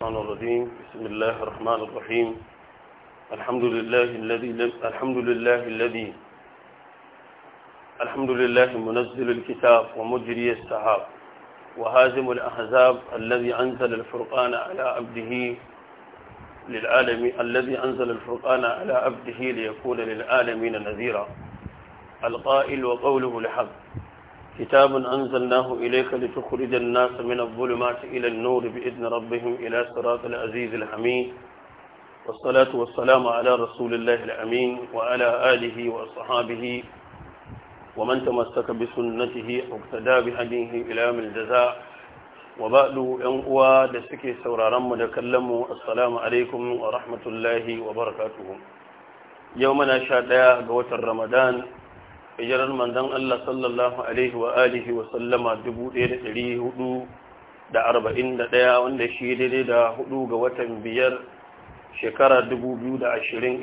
الرحمن الرحيم بسم الله الرحمن الرحيم الحمد لله الذي الحمد لله الذي الحمد لله منزل الكتاب ومجري السحاب وهازم الأحزاب الذي أنزل الفرقان على عبده للعالم الذي أنزل الفرقان على عبده ليكون للعالمين نذيرا القائل وقوله الحق كتاب أنزلناه إليك لتخرج الناس من الظلمات إلى النور بإذن ربهم إلى صراط العزيز الحميد والصلاة والسلام على رسول الله الأمين وعلى آله وصحابه ومن تمسك بسنته اقتدى بهديه إلى من الجزاء وبعد ينقوى دسكي سورارم دكلم السلام عليكم ورحمة الله وبركاته يومنا شاد قوة رمضان hijirar manzon Allah sallallahu alaihi wa alihi wa sallama 1441 wanda shi daidai da hudu ga watan biyar shekara 2020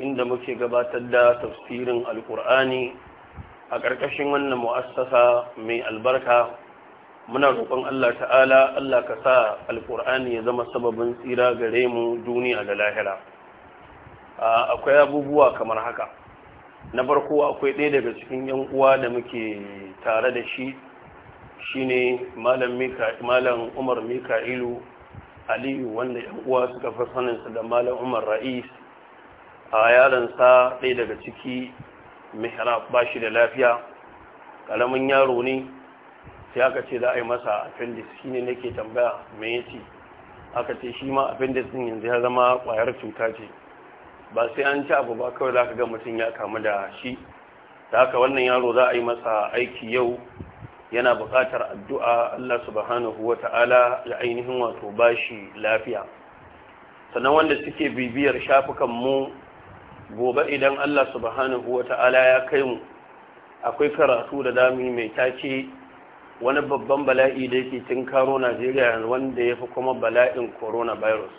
inda muke gabatar da tafsirin alkur'ani a ƙarƙashin wannan mu'assasa mai albarka muna roƙon Allah ta'ala Allah ka sa alkur'ani ya zama sababin tsira gare mu duniya da lahira akwai abubuwa kamar haka na farko akwai ɗaya daga cikin yan uwa da muke tare da shi shine malam malam Umar Mika'ilu Aliyu wanda yan uwa suka fi saninsa da malam Umar Ra'is a yaransa ɗaya daga ciki mihrab ba shi da lafiya ƙaramin yaro ne sai aka ce za a yi masa appendix shi ne nake tambaya me yace aka ce shi ma appendix ɗin yanzu ya zama ƙwayar cuta ce ba sai an ci abu ba kawai za ka ga mutum ya kamu da shi da haka wannan yaro za a yi masa aiki yau yana buƙatar addu'a Allah subhanahu wa ta'ala ya ainihin wato bashi lafiya sannan wanda suke bibiyar shafukan mu gobe idan Allah subhanahu wa ta'ala ya kai mu akwai karatu da dami mai tace wani babban bala'i da yake karo Najeriya wanda ya fi kuma bala'in coronavirus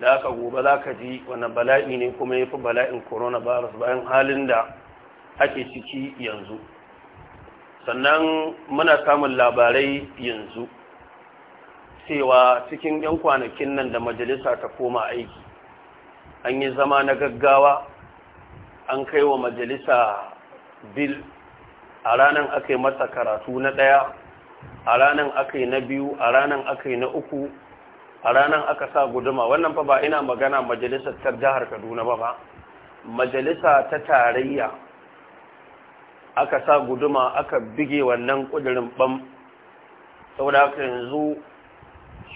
da aka gobe za ka ji wani bala'i ne kuma ya fi bala'in coronavirus bayan halin da ake ciki yanzu sannan muna samun labarai yanzu cewa cikin 'yan kwanakin nan da majalisa ta koma aiki an yi zama na gaggawa an kai wa majalisa bil a ranar aka yi masa karatu na ɗaya a ranar aka yi na biyu a ranar aka yi na uku a ranar aka sa guduma wannan fa ba ina magana Majalisa ta jihar kaduna ba ba majalisa ta tarayya aka sa guduma aka bige wannan kudirin bam saboda haka yanzu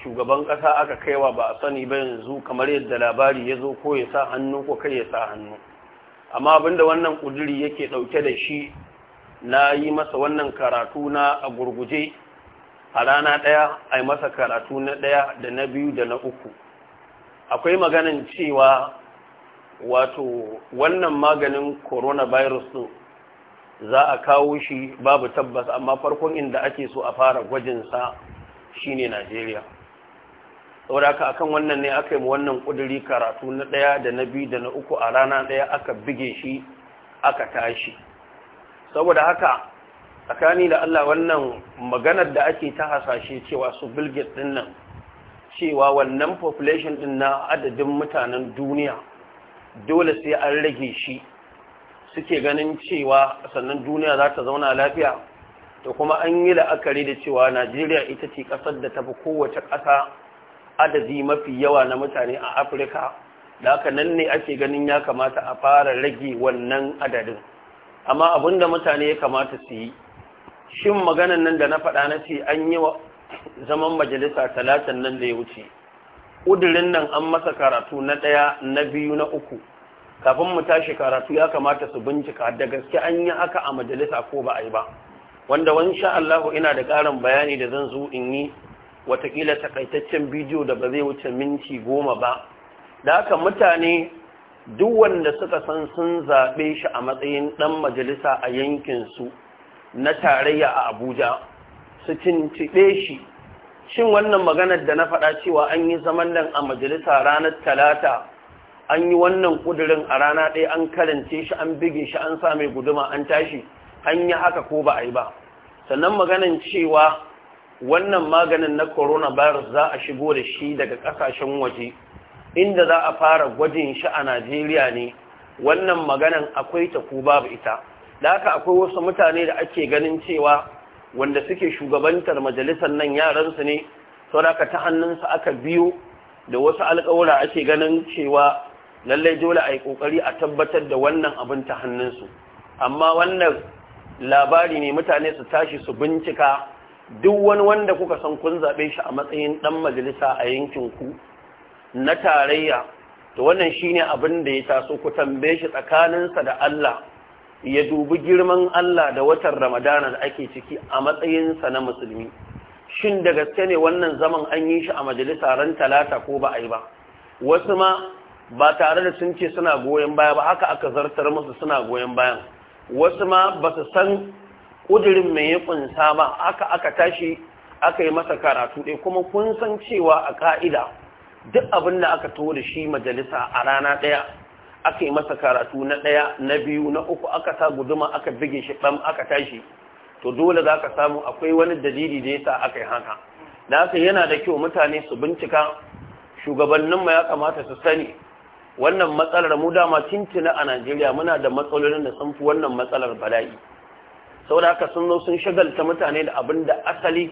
shugaban kasa aka kaiwa ba a sani ba yanzu kamar yadda labari ya zo ko ya sa hannu ko kai ya sa hannu amma abinda wannan kudiri yake dauke da shi na yi masa wannan karatu na a gurguje a rana ɗaya a yi masa karatu na ɗaya da na biyu da na uku akwai maganin cewa wato wannan maganin coronavirus ɗin za a kawo shi babu tabbas amma farkon inda ake so a fara gwajinsa shine najeriya sauraka haka akan wannan ne aka yi wannan kuduri karatu na ɗaya da na biyu da na uku a rana ɗaya aka bige shi aka tashi saboda haka tsakani da Allah wannan maganar da ake ta hasashe cewa su bilgit din nan cewa wannan population din na adadin mutanen duniya dole sai an rage shi suke ganin cewa sannan duniya za ta zauna lafiya da kuma an yi la'akari da cewa najeriya ita ce ƙasar da tafi kowace ƙasa adadi mafi yawa na mutane a afirka da haka nan ne ake ganin ya kamata a fara rage wannan adadin amma abinda mutane ya kamata su yi shin maganan nan da na faɗa na ce an yi wa zaman majalisa talatin nan da ya wuce ƙudurin nan an masa karatu na ɗaya na biyu na uku kafin mu tashi karatu ya kamata su bincika da gaske an yi haka a majalisa ko ba a yi ba wanda wani sha Allah ina da ƙarin bayani da zan zo in yi watakila takaitaccen bidiyo da ba zai wuce minti goma ba da haka mutane duk wanda suka san sun zaɓe shi a matsayin ɗan majalisa a yankinsu na tarayya a abuja su cincibe shi shin wannan maganar da na faɗa cewa an yi zaman nan a majalisa ranar talata an yi wannan ƙudurin a rana ɗaya an karance shi an bige shi an sa mai guduma an tashi an yi haka ko ba a yi ba sannan maganan cewa wannan maganin na coronavirus za a shigo da shi daga ƙasashen waje inda za a fara gwajin shi a najeriya ne wannan maganan akwai ta ko babu ita da haka akwai wasu mutane da ake ganin cewa wanda suke shugabantar majalisar nan yaransu ne sauraka ta hannunsa aka biyo da wasu alkawura ake ganin cewa lallai dole a yi ƙoƙari a tabbatar da wannan abin ta hannunsu amma wannan labari ne mutane su tashi su bincika duk wani wanda kuka san kun zaɓe shi a matsayin ɗan majalisa a yankin ku na tarayya to wannan shine abin da ya taso ku tambaye shi tsakaninsa da Allah ya dubi girman Allah da watan Ramadana da ake ciki a matsayinsa na musulmi shin da gaske ne wannan zaman an yi shi a majalisa ran talata ko ba a yi ba wasu ma ba tare da sun ce suna goyon baya ba haka aka zartar musu suna goyon bayan wasu ma ba su san ƙudurin mai ya ƙunsa ba haka aka tashi aka yi masa karatu ɗaya kuma kun san cewa a ka'ida duk abin da aka tuwo da shi majalisa a rana ɗaya aka yi masa karatu na ɗaya na biyu na uku aka sa guduma aka bige shi ɗan aka tashi to dole za ka samu akwai wani dalili da ya sa aka yi haka da haka yana da kyau mutane su bincika shugabanninmu ya kamata su sani wannan matsalar mu dama tintina a najeriya muna da matsalolin da sun fi wannan matsalar bala'i sau da haka sun zo sun shagalta mutane da abin da asali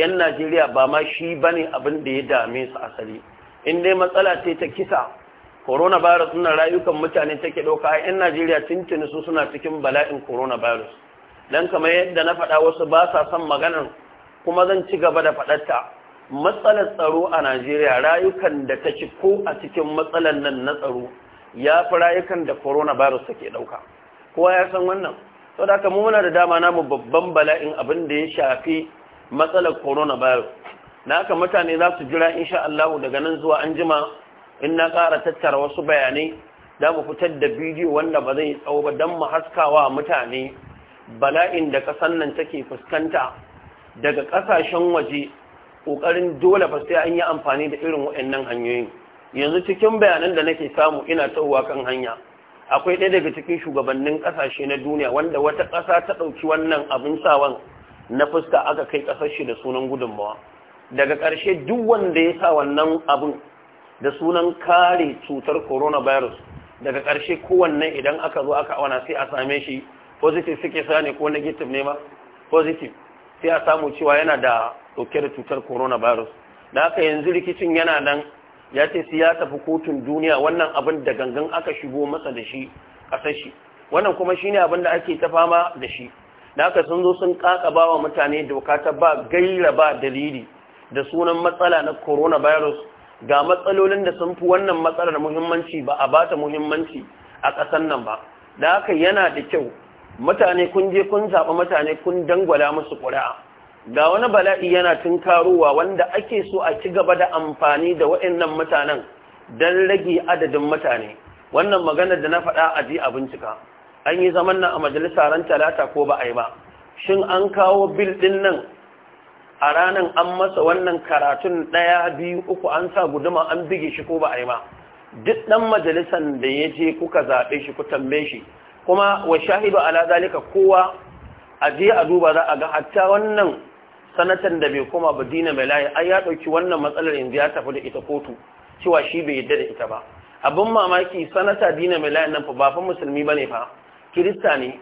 'yan najeriya ba ma shi ba ne abin da ya dame su asali in dai matsala ce ta kisa coronavirus suna rayukan mutane take ɗauka yan najeriya tuntuni su suna cikin bala'in coronavirus don kamar yadda na faɗa wasu ba sa son maganar kuma zan ci gaba da faɗarta matsalar tsaro a najeriya rayukan da ta ci ko a cikin matsalar nan na tsaro ya fi rayukan da coronavirus take ɗauka kowa ya san wannan sau da mu muna da dama namu babban bala'in abin da ya shafi matsalar coronavirus na haka mutane za su jira insha Allah daga nan zuwa an jima in na ƙara tattara wasu bayanai da mu fitar da bidiyo wanda ba zai tsawo ba don mu haskawa mutane bala'in da ƙasar nan take fuskanta daga ƙasashen waje ƙoƙarin dole ba sai an yi amfani da irin waɗannan hanyoyin yanzu cikin bayanan da nake samu ina tahowa kan hanya akwai ɗaya daga cikin shugabannin ƙasashe na duniya wanda wata ƙasa ta ɗauki wannan abin sawan na fuska aka kai ƙasar shi da sunan gudunmawa daga ƙarshe duk wanda ya sa wannan abin da sunan kare cutar coronavirus daga ƙarshe kowanne idan aka zo aka auna sai a same shi positive suke sa ko negative ne ma positive sai a samu cewa yana da ɗauke da cutar coronavirus da haka yanzu rikicin yana nan ya ce sai ya tafi kotun duniya wannan abin da gangan aka shigo masa da shi ƙasar shi wannan kuma shine abin da ake ta fama da shi da haka sun zo sun kakaba wa mutane doka ta ba gaira ba dalili da sunan matsala na coronavirus ga matsalolin da sun fi wannan matsalar muhimmanci ba a ta muhimmanci a ƙasar nan ba da haka yana da kyau mutane kun je kun zaɓa mutane kun dangwala musu ƙuri'a ga wani bala'i yana tunkarowa wanda ake so a ci gaba da amfani da waɗannan mutanen don rage adadin mutane wannan magana da na faɗa a ji a bincika an yi zaman nan a majalisa ran talata ko ba a yi ba shin an kawo bil ɗin nan a ranar an masa wannan karatun ɗaya biyu uku an sa guduma an bige shi ko ba a yi ma duk ɗan majalisan da ya je kuka zaɓe shi ku tambaye shi kuma wa shahidu ala zalika kowa a je a duba za a ga hatta wannan sanatan da bai koma ba dina mai layi an ya ɗauki wannan matsalar yanzu ya tafi da ita kotu cewa shi bai yadda da ita ba abin mamaki sanata dina mai layi nan fa ba fa musulmi bane fa kirista ne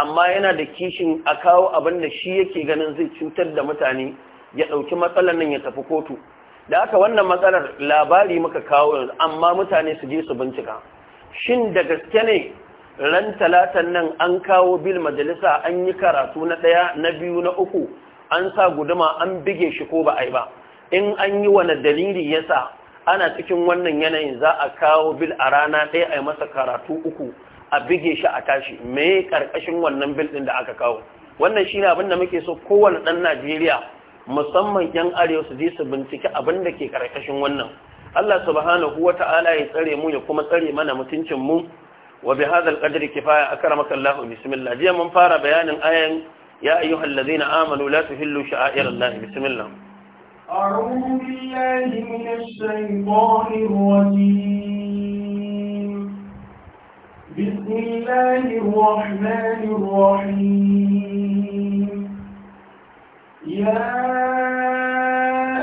amma yana da kishin a kawo abin da shi yake ganin zai cutar da mutane ya ɗauki matsalar nan ya tafi kotu da aka wannan matsalar labari muka kawo yanzu amma mutane su je su bincika shin da gaske ne ran talatan nan an kawo bil majalisa an yi karatu na ɗaya na biyu na uku an sa guduma an bige shi ko ba a yi ba in an yi wani dalili yasa ana cikin wannan yanayin za a kawo bil a rana ɗaya a yi masa karatu uku a bige shi a tashi me karkashin wannan bil da aka kawo wannan shine abin da muke so kowanne ɗan Najeriya musamman yan arewa su je su bincike abin da ke karkashin wannan Allah subhanahu wata'ala ya tsare mu ya kuma tsare mana mutuncin mu wa bi hadha alqadri kifaya akramaka Allah bismillah jiya mun fara bayanin ayan ya ayyuhallazina amanu la tuhillu sha'airallahi bismillah أعوذ بالله من الشيطان الرجيم بسم الله الرحمن الرحيم يا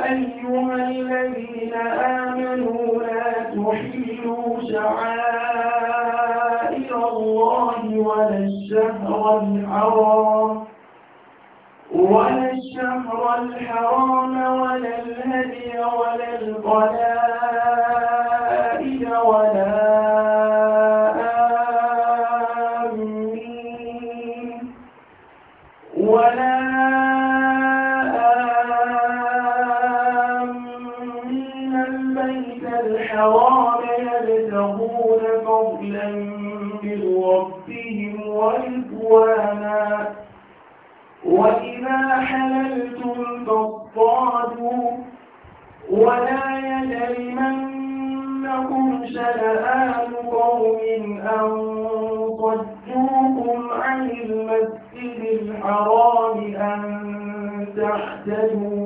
أيها الذين آمنوا لا تحلوا شعائر الله ولا الشهر الحرام ولا الشهر الحرام ولا الهدي ولا القلائد ولا حللتم فاصطادوا ولا يجرمنكم شنآن قوم أن صدوكم عن المسجد الحرام أن تحتدوا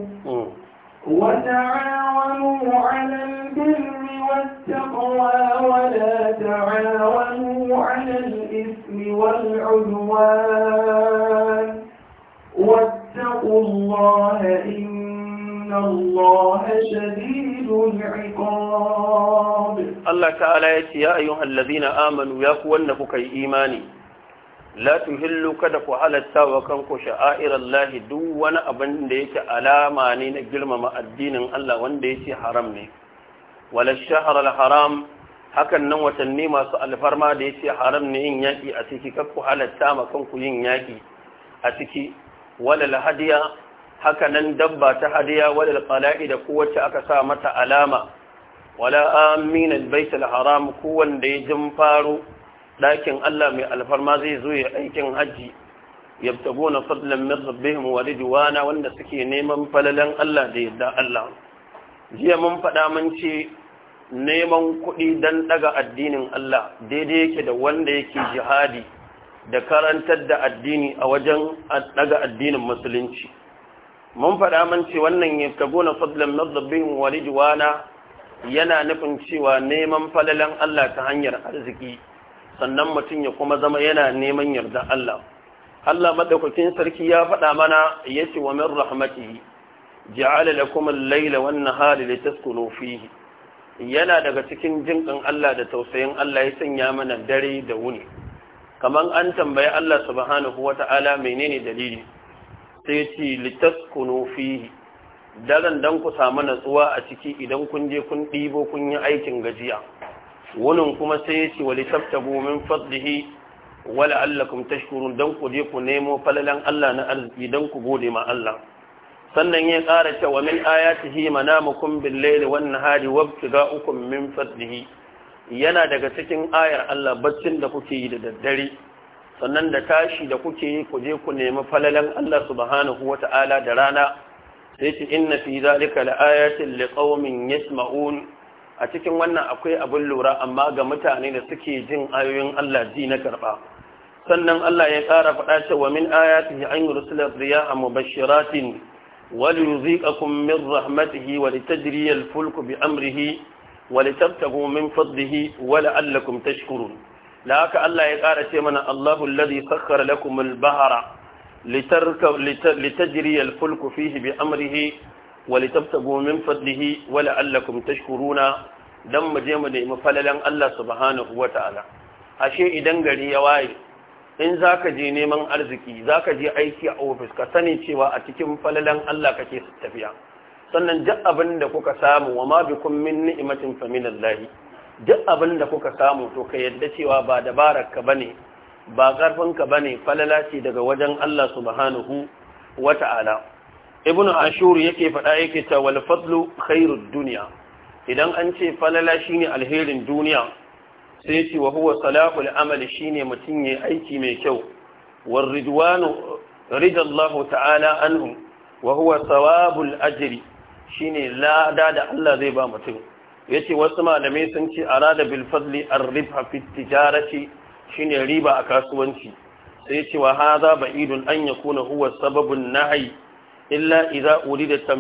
وتعاونوا على البر والتقوى ولا تعاونوا على الإثم والعدوان الله إن الله شديد العقاب الله تعالى يا أيها الذين آمنوا يا كوانك كي إيماني لا تهلوا كدك على التاوكنك شعائر الله دون أبن ديك ألامانين جلم مع الدين الله وان ديك حرمني ولا الشهر الحرام hakan nan watanni masu alfarma da ya ce haram ne yin yaƙi a ciki kakku halatta makonku yin yaƙi a ciki wala lahadiya haka nan dabba ta hadiya wadda qala'i da kowace aka sa mata alama wala amina albayt haram ko wanda ya jin faro dakin Allah mai alfarma zai zo ya aikin haji yabtaguna fadlan min rabbihim wa ridwana wanda suke neman falalan Allah da yadda Allah jiya mun faɗa mun ce neman kuɗi dan ɗaga addinin Allah daidai yake da wanda yake jihadi da karantar da addini a wajen ɗaga addinin musulunci mun faɗa man ce wannan ya na fadlan mazabin wani juwana yana nufin cewa neman falalan Allah ta hanyar arziki sannan mutum ya kuma zama yana neman yarda Allah Allah maɗaukakin sarki ya faɗa mana ya ce wa min rahmatihi ja'ala lakum al-layla wan-nahara litaskunu fihi yana daga cikin jinƙin Allah da tausayin Allah ya sanya mana dare da wuni Kamar an tambayi Allah subhanahu wata'ala menene dalili sai ce litaskunu fihi daren dan ku samu natsuwa a ciki idan kun je kun ɗibo kun yi aikin gajiya wunin kuma sai ya ce wali tabtabu min fadlihi wala allakum tashkurun ku je ku nemo falalan Allah na arziki dan ku gode ma Allah sannan ya ƙara cewa min ayatihi manamukum wannan layli wan ga wabtiga'ukum min fadlihi yana daga cikin ayar Allah baccin da kuke yi da daddare sannan da tashi da kuke yi ku je ku nemi falalan Allah subhanahu wata'ala da rana sai ce inna fi zalika laayatin liqaumin yasma'un a cikin wannan akwai abin lura amma ga mutane da suke jin ayoyin Allah ji na karɓa. sannan Allah ya ƙara faɗa wa min ayatihi an yursila a mubashiratin wa liyuziqakum min rahmatihi wa litajriya al-fulku bi amrihi wa litabtaghu min fadlihi wa la'allakum tashkurun da haka Allah ya ƙara ce mana Allahu alladhi sakkara lakum al-bahra litajri al-fulku fihi bi amrihi wa litabtagu min fadlihi wa la'allakum tashkuruna dan mu je mu nemi falalan Allah subhanahu wata'ala ashe idan gari ya waye in zaka je neman arziki zaka je aiki a office ka sani cewa a cikin falalan Allah kake tafiya sannan duk abin da kuka samu wa ma bikum min ni'matin fa min Allah duk abin da kuka samu to ka yadda cewa ba dabararka ne ba ba bane falala ce daga wajen Allah subhanahu wata'ala ibnu ashur yake faɗa yake ta wal fadlu khairud duniya." idan an ce falala shine alherin duniya sai ce wa huwa salahul amali shine mutum yayi aiki mai kyau wa ridallahu ta'ala anhu wa huwa sawabul ajri shine lada da Allah zai ba mutum yace wasu malamai sun ce arada bil fadli ar-ribha fi tijarati shine riba a kasuwanci sai yace wa ba ba'idun an kuna huwa sababin nahi illa iza uri da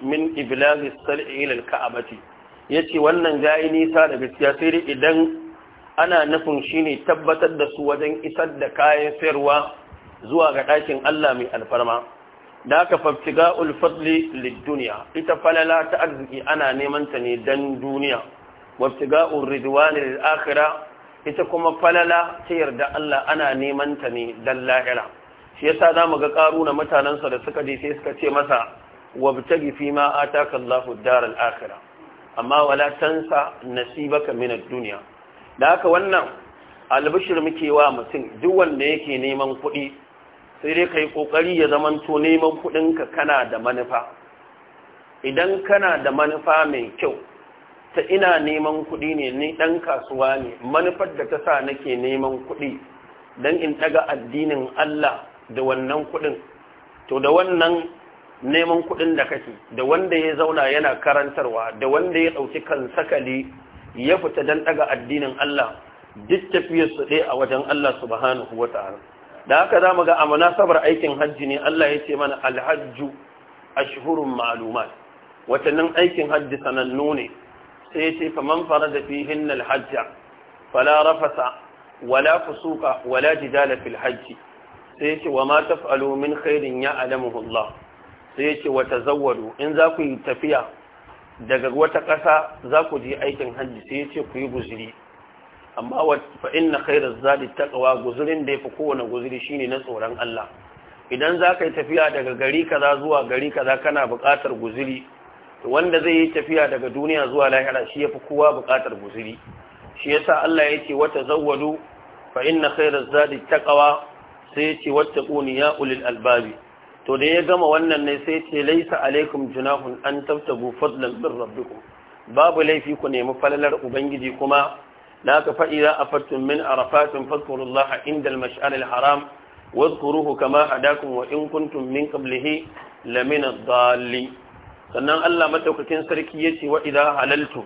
min iblaghi as ka'a ba ce ya yace wannan gayi nisa da gaskiya sai dai idan ana nufin shine tabbatar da su wajen isar da kayan sayarwa zuwa ga ɗakin Allah mai alfarma da aka fafciga ulfadli lidduniya ita falala ta arziki ana neman ta ne dan duniya waftiga urridwani lil'akhira ita kuma falala ta yarda Allah ana neman ta ne dan lahira shi yasa mu ga na mutanansa da suka je sai suka ce masa wabtagi fi ma ataka Allahu daral akhira amma wala tansa nasibaka min ad-dunya da haka wannan albishir muke wa mutum duk wanda yake neman kuɗi sai dai ka yi ƙoƙari ya zamanto neman kuɗinka kana da manufa idan kana da manufa mai kyau ta ina neman kuɗi ne ni ɗan kasuwa ne manufar da ta sa nake neman kuɗi don in ɗaga addinin Allah da wannan kuɗin to da wannan neman kuɗin da kake da wanda ya zauna yana karantarwa da wanda ya ɗauki kan sakali ya fita don ɗaga addinin Allah duk tafiyarsu ɗaya a wajen Allah subhanahu wa da haka za mu ga a munasabar aikin hajji ne Allah ya ce mana alhajju ashhurun ma'lumat watannin aikin hajji sanannu ne sai ya ce fa man farada fihin alhajja fala rafasa wala fusuka wala jidala fil hajji sai ya ce wa ma taf'alu min khairin ya'lamuhu Allah sai ya ce wa tazawwadu in za ku yi tafiya daga wata ƙasa za ku je aikin hajji sai ya ce ku yi guzuri amma wa fa inna khairaz zadi taqwa guzurin da yafi kowane guzuri shine na tsoron Allah idan za ka yi tafiya daga gari kaza zuwa gari kaza kana buƙatar guzuri wanda zai yi tafiya daga duniya zuwa lahira shi yafi kowa buƙatar guzuri shi yasa Allah ya ce wata zawwadu fa inna khairaz zadi taqwa sai ya ce wattaquni ya ulil albabi to da ya gama wannan ne sai ce laisa alaikum junahun an tabtagu fadlan min rabbikum babu laifi ku nemi falalar ubangiji kuma لا فإذا أفدتم من عرفات فاذكروا الله عند المشعر الحرام واذكروه كما هداكم وإن كنتم من قبله لمن الضالين sannan Allah madaukakin sarki yace wa idza halaltu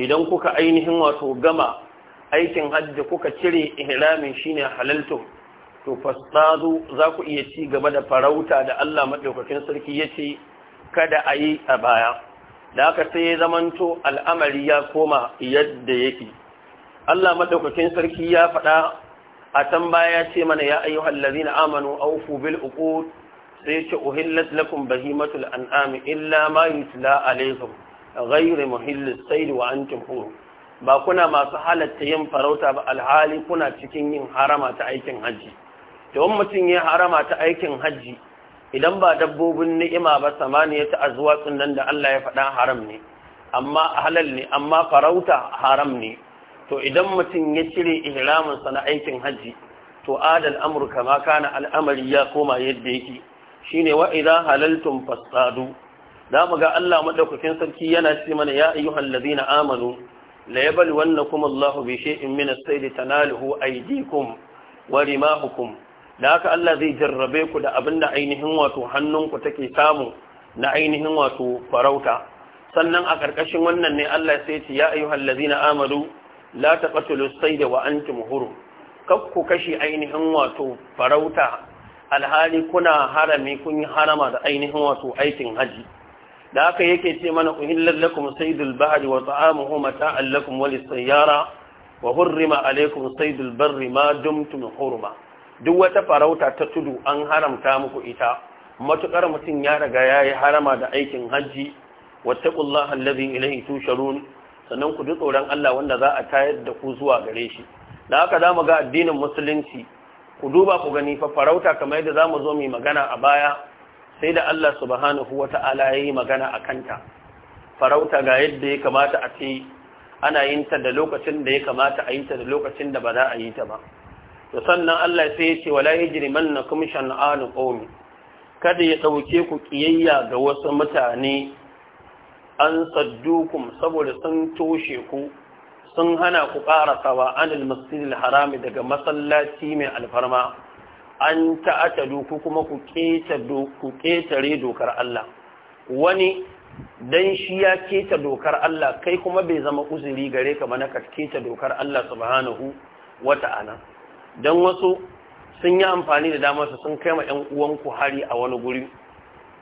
idan kuka ainihin wato gama aikin hajji kuka cire ihramin shine halaltu to fasadu za ku iya ci gaba da farauta da Allah madaukakin sarki yace kada ayi a baya da haka sai ya zamanto al'amari ya koma yadda yake Allah madaukakin sarki ya faɗa a can baya ya ce mana ya ayyuhal ladina amanu awfu bil uqud sai ce uhillat lakum bahimatul an'ami illa ma yutla alaykum ghayr muhillis sayd wa antum hurum ba kuna masu halatta yin farauta ba alhali kuna cikin yin harama ta aikin haji to in mutum ya harama ta aikin haji idan ba dabbobin ni'ima ba samaniya ta azwatsun nan da Allah ya faɗa haram ne amma halal ne amma farauta haram ne to idan mutum ya cire ihraminsa na aikin hajji to adal amurka ma kana al'amari ya koma yadda yake shine wa idza halaltum fasadu da mu ga Allah madaukakin sarki yana ce mana ya ayyuhal ladina amanu la yabluwannakum Allahu bi shay'in min as-sayd tanaluhu aydikum wa rimahukum da haka Allah zai jarrabe ku da abinda ainihin wato hannunku take samu na ainihin wato farauta sannan a ƙarƙashin wannan ne Allah sai ya ce ya ayyuhal ladina amanu la taqtulu as-sayda wa antum hurum kakku kashi ainihin wato farauta alhali kuna harami kun yi harama da ainihin wato aikin hajji. da haka yake ce mana uhillal lakum saydul bahri wa ta'amuhu mata'an lakum wa sayyara wa hurrima alaykum saydul barri ma dumtum hurma duk wata farauta ta tudu an haramta muku ita matukar mutum ya riga yayi harama da aikin haji wattaqullaha alladhi ilayhi tusharun sannan ku ji tsoron Allah wanda za a tayar da ku zuwa gare shi da haka za mu ga addinin musulunci ku duba ku gani fa farauta kamar yadda za mu zo mu yi magana a baya sai da Allah subhanahu wa ta'ala ya yi magana a kanta farauta ga yadda ya kamata a ce ana yin ta da lokacin da ya kamata a yi ta da lokacin da ba za a yi ta ba to sannan Allah sai ya ce wala yajrimannakum shan'anu qawmi kada ya dauke ku kiyayya ga wasu mutane an saddukum saboda sun toshe ku sun hana ku ƙarasawa anil masjidil harami daga masallaci mai alfarma an ta'atalu ku kuma ku ƙetare dokar Allah wani dan shi ya keta dokar Allah kai kuma bai zama uzuri gare ka mana ka keta dokar Allah subhanahu wata'ala dan wasu sun yi amfani da damar su sun kai ma ƴan uwanku hari a wani guri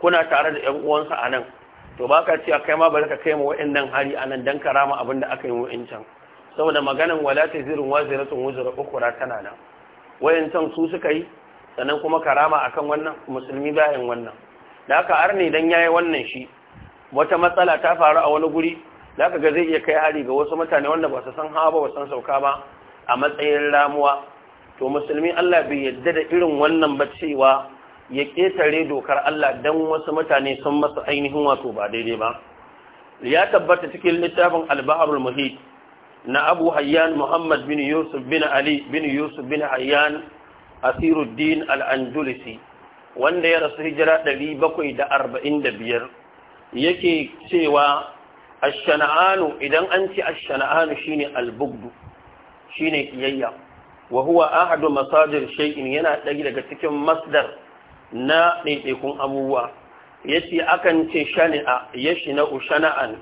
kuna tare da ƴan uwansa a nan to ba ka a kai ma bari ka kai ma wa'annan hari anan dan karama abin da aka yi wa'ancan saboda maganan wala ta zirin waziratun wuzura ukura tana nan wayancan su suka yi sannan kuma karama akan wannan musulmi bayan wannan da aka arne dan yayi wannan shi wata matsala ta faru a wani guri da aka ga zai iya kai hari ga wasu mutane wanda ba su san hawa ba ba san sauka ba a matsayin ramuwa to musulmi Allah bai yarda da irin wannan ba cewa ya ƙetare dokar Allah don wasu mutane sun masa ainihin wato ba daidai ba ya tabbata cikin littafin al muhit na Abu Hayyan Muhammad bin Yusuf bin Ali bin Yusuf bin Hayyan Asiruddin alandulisi wanda ya rasu hijira biyar yake cewa ashana'anu idan an ce ashana'anu shi ne al shi ne kiyayya wa huwa ahadu masajir shekin yana ɗaya daga cikin masdar na ɗaiɗaikun abubuwa ya ce akan ce shani'a ya shina'u shana'an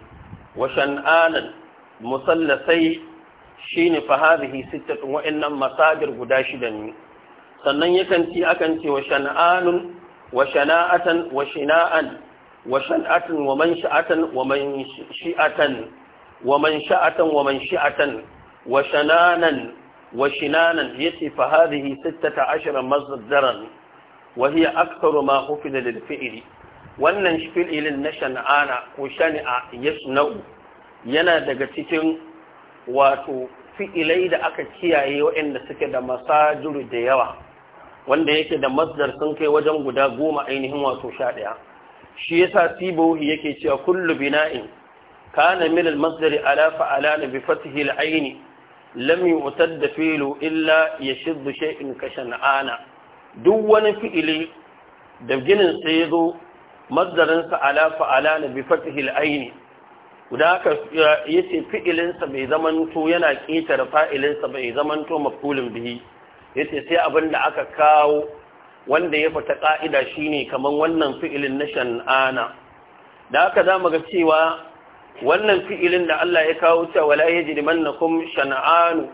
wa shan'anan musallasai shi ne fahazihi sittatun wa'annan masajir guda shida ne sannan yakan ce akan ce wa shan'anun wa shana'atan wa shina'an wa shan'atan wa man sha'atan wa man shi'atan wa man sha'atan wa man shi'atan wa shananan wa shinanan yace fa hadhihi 16 masdaran وهي hiya ما ma hufida wannan fi'ilin na shan'ana ko shani'a suna'u yana daga cikin wato fi'ilai da aka kiyaye waɗanda suke da masajiru da yawa wanda yake da masdar sun kai wajen guda goma ainihin wato sha ɗaya shi ya yasa tibohi yake cewa kullu bina'in kana min al-masdar ala fa'ala na bi fathihi al-ayn lam da filo illa ya shay'in ka shan'ana duk wani fi'ili da ginin sa ya zo mazdarinsa ala fa'ala na bi fatihil aini guda haka ya ce fi'ilinsa bai zamanto yana ƙetare fa'ilinsa bai zamanto mafulun bihi ya ce sai abin da aka kawo wanda ya fita ƙa'ida shine kamar wannan fi'ilin na shan'ana da haka za ga cewa wannan fi'ilin da Allah ya kawo cewa la yajrimannakum shan'anu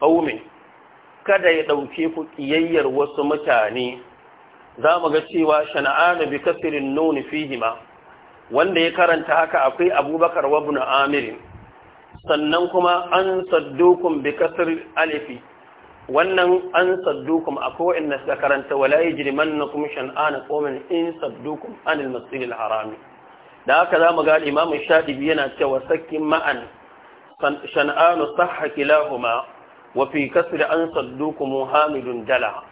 qaumin kada ya ɗauke ku ƙiyayyar wasu mutane za mu ga cewa shana'anu bi kasirin nuni fihima wanda ya karanta haka akwai abubakar Wabu na amirin sannan kuma an saddukun bi kasir alifi wannan an saddukun akwai wa'inda suka karanta wala yi jirman na kuma shana'anu komin in saddukun anil harami da haka za mu ga imamun shaɗibi yana cewa sakin ma'an shana'anu sahha kilahuma wa su da an saddukum hamidun dala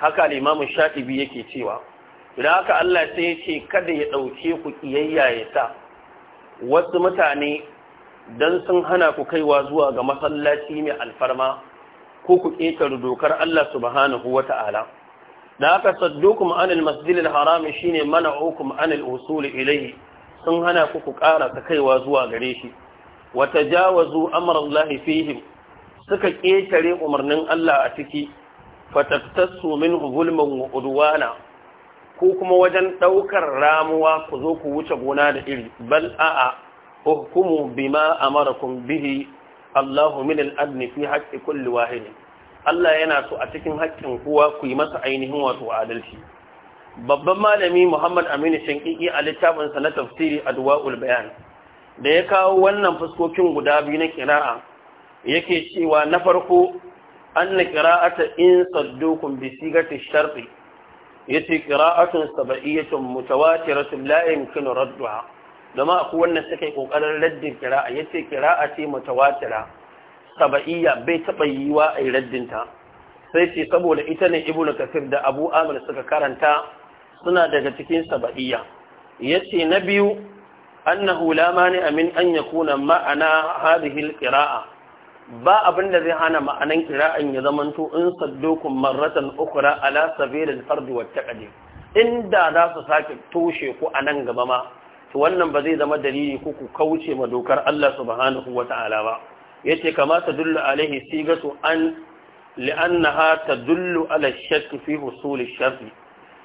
haka al-imam shatibi yake cewa Da haka Allah sai ya ce kada ya ɗauke ku kiyayya ya sa wasu mutane dan sun hana ku kaiwa zuwa ga masallaci mai alfarma ko ku ƙetare dokar Allah subhanahu wata'ala da haka saddukum anil masjidil haram shine mana'ukum anil usul ilayhi sun hana ku ku ƙara kaiwa zuwa gare shi watajawazu amra Allah fihim suka ƙetare umarnin Allah a ciki fatattassu min zulman udwana ko kuma wajen ɗaukar ramuwa ku zo ku wuce gona da iri bal a'a hukumu bima amarakum bihi Allahu min al fi haqqi kulli wahid Allah yana so a cikin haƙƙin kowa ku yi masa ainihin wato adalci babban malami Muhammad Aminu Shinkiki a littafinsa na tafsiri Adwa'ul Bayan da ya kawo wannan fuskokin guda biyu na kira'a yake cewa na farko an na ƙira'ata in saddukun bi sigati sharfi ya ce ƙira'atun saba'iyyatun rasu la'in kinu radduha dama akwai wannan suka yi ƙoƙarin raddin ƙira'a ya ce ƙira'a ce mutawatira saba'iyya bai taɓa yiwa a yi raddinta sai ce saboda ita ne na kafir da abu amir suka karanta suna daga cikin saba'iyya ya ce na biyu annahu la ne amin an yakuna ma'ana hadihil alqira'a ba abin da zai hana ma'anan kira'an ya zamanto in saddokun marratan ukura ala sabirin fardi wata ƙade inda za su sake toshe ku a nan gaba ma to wannan ba zai zama dalili ku ku kauce ma dokar Allah subhanahu wa ta'ala ba yace kamata ta dullu alaihi sigatu an li'annaha tadullu ala shakk fi husul ash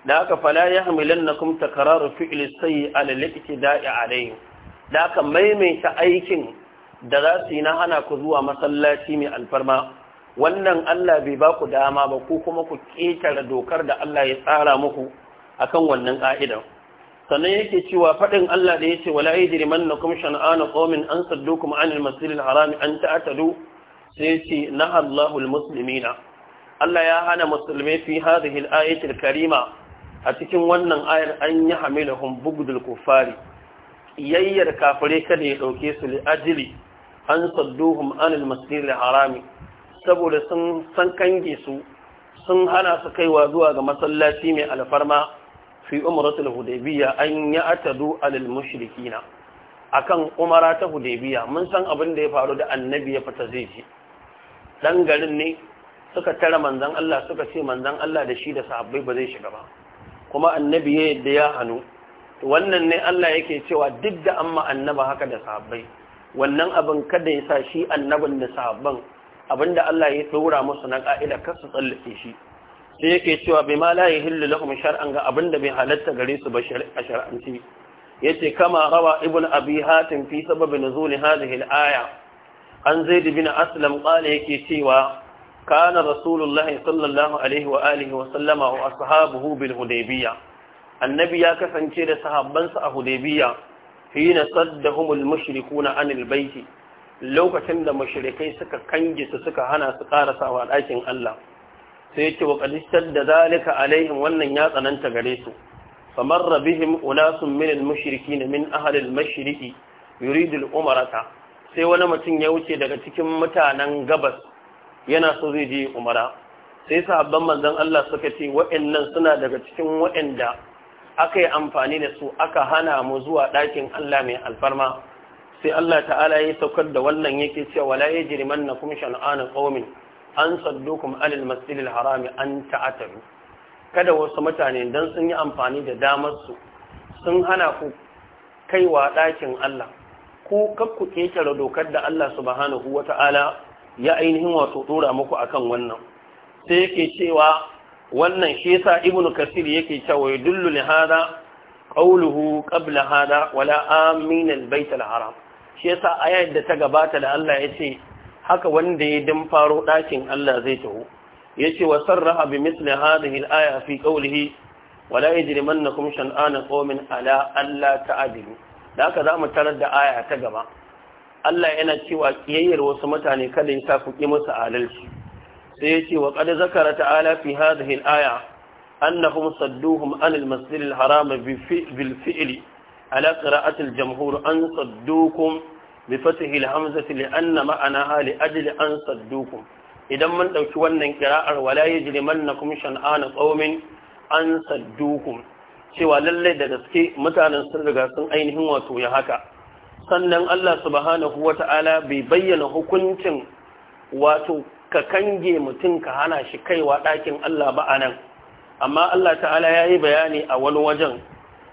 da haka fala yahmilannakum takraru fi'l sayyi ala al-iktida'i alayhi da haka maimaita aikin da za su yi na hana ku zuwa masallaci mai alfarma wannan Allah bai ba ku dama ba ko kuma ku ƙetare dokar da Allah ya tsara muku akan wannan ƙa'idan sannan yake cewa faɗin Allah da ya ce wala yajri mannakum shan'ana qaumin an saddukum anil masjidil harami an ta'tadu sai ce naha Allahu almuslimina Allah ya hana musulmai fi hadhihi al karima a cikin wannan ayar an yi hamilahum bugdul kufari. yayyar kafire kada ya dauke su li ajli an sadduhum anil masjidil harami saboda sun san kange su sun hana su kaiwa zuwa ga masallaci mai alfarma fi umratul hudaybiya an ya'tadu alil mushrikina akan umara ta hudaybiya mun san abin da ya faru da annabi ya fita zai ji dan garin ne suka tara manzon Allah suka ce manzon Allah da shi da sahabbai ba zai shiga ba kuma annabi ya yadda ya hanu wannan ne Allah yake cewa duk da amma annaba haka da sahabbai wannan abin kada ya sa shi annabin da sahabban abinda Allah ya tsora musu na ka'ida kar su tsallake shi sai yake cewa bai ma la yahillu lahum shar'an ga abinda bai halatta gare su ba a shar'anci yace kama rawa ibn abi hatim fi sabab nuzul hadhihi al-aya an zaid bin aslam qala yake cewa kana rasulullah sallallahu alaihi wa alihi wa sallama wa ashabuhu bil hudaybiyah annabi ya kasance da sahabbansa a hudaybiyah hina saddahumul na anil baiti lokacin da mashirikai suka kange su suka hana su wa ɗakin Allah sai yace wa da zalika alaihim wannan ya tsananta gare su kamar bihim unasun min al na min ahli al-mashriqi umarata. sai wani mutum ya wuce daga cikin mutanen gabas yana so zai je umara sai sahabban manzan Allah suka ce wa'annan suna daga cikin wa'anda aka yi amfani da su aka hana mu zuwa ɗakin Allah mai alfarma sai Allah ta'ala ya saukar da wannan yake cewa la yajrimannakum shan'ana qaumin an saddukum alal masjidil harami an ta'atalu kada wasu mutane dan sun yi amfani da damar su sun hana ku kaiwa ɗakin Allah ku kakku dokar da Allah subhanahu wata'ala ya ainihin wato dora muku akan wannan sai yake cewa wannan shi yasa ibnu kasir yake cewa yadullu li hada qawluhu qabla hada wala amin albayt alharam shi yasa ayat da ta gabata da Allah yace haka wanda ya din faro dakin Allah zai taho yace wa sarraha bi misli hadhihi alaya fi qawlihi wala yajrimannakum shan'an qawmin ala alla ta'dilu da haka zamu tarar da aya ta gaba Allah yana cewa kiyayyar wasu mutane kada ya sa ku ki musu adalci sai yace wa qad zakara ta'ala fi hadhihi al-aya annahum sadduhum an al-masjid al-haram bil ala qira'ati jamhur an saddukum bi fathi hamzati li anna ma'anaha li ajli an saddukum idan mun ɗauki wannan kira'ar wala yajrimannakum shan'ana qaumin an cewa lallai da gaske mutanen sun riga sun ainihin wato ya haka sannan Allah subhanahu ta'ala bai bayyana hukuncin wato ka kange mutum ka hana shi kaiwa ɗakin Allah ba a nan amma Allah ta'ala ya yi bayani a wani wajen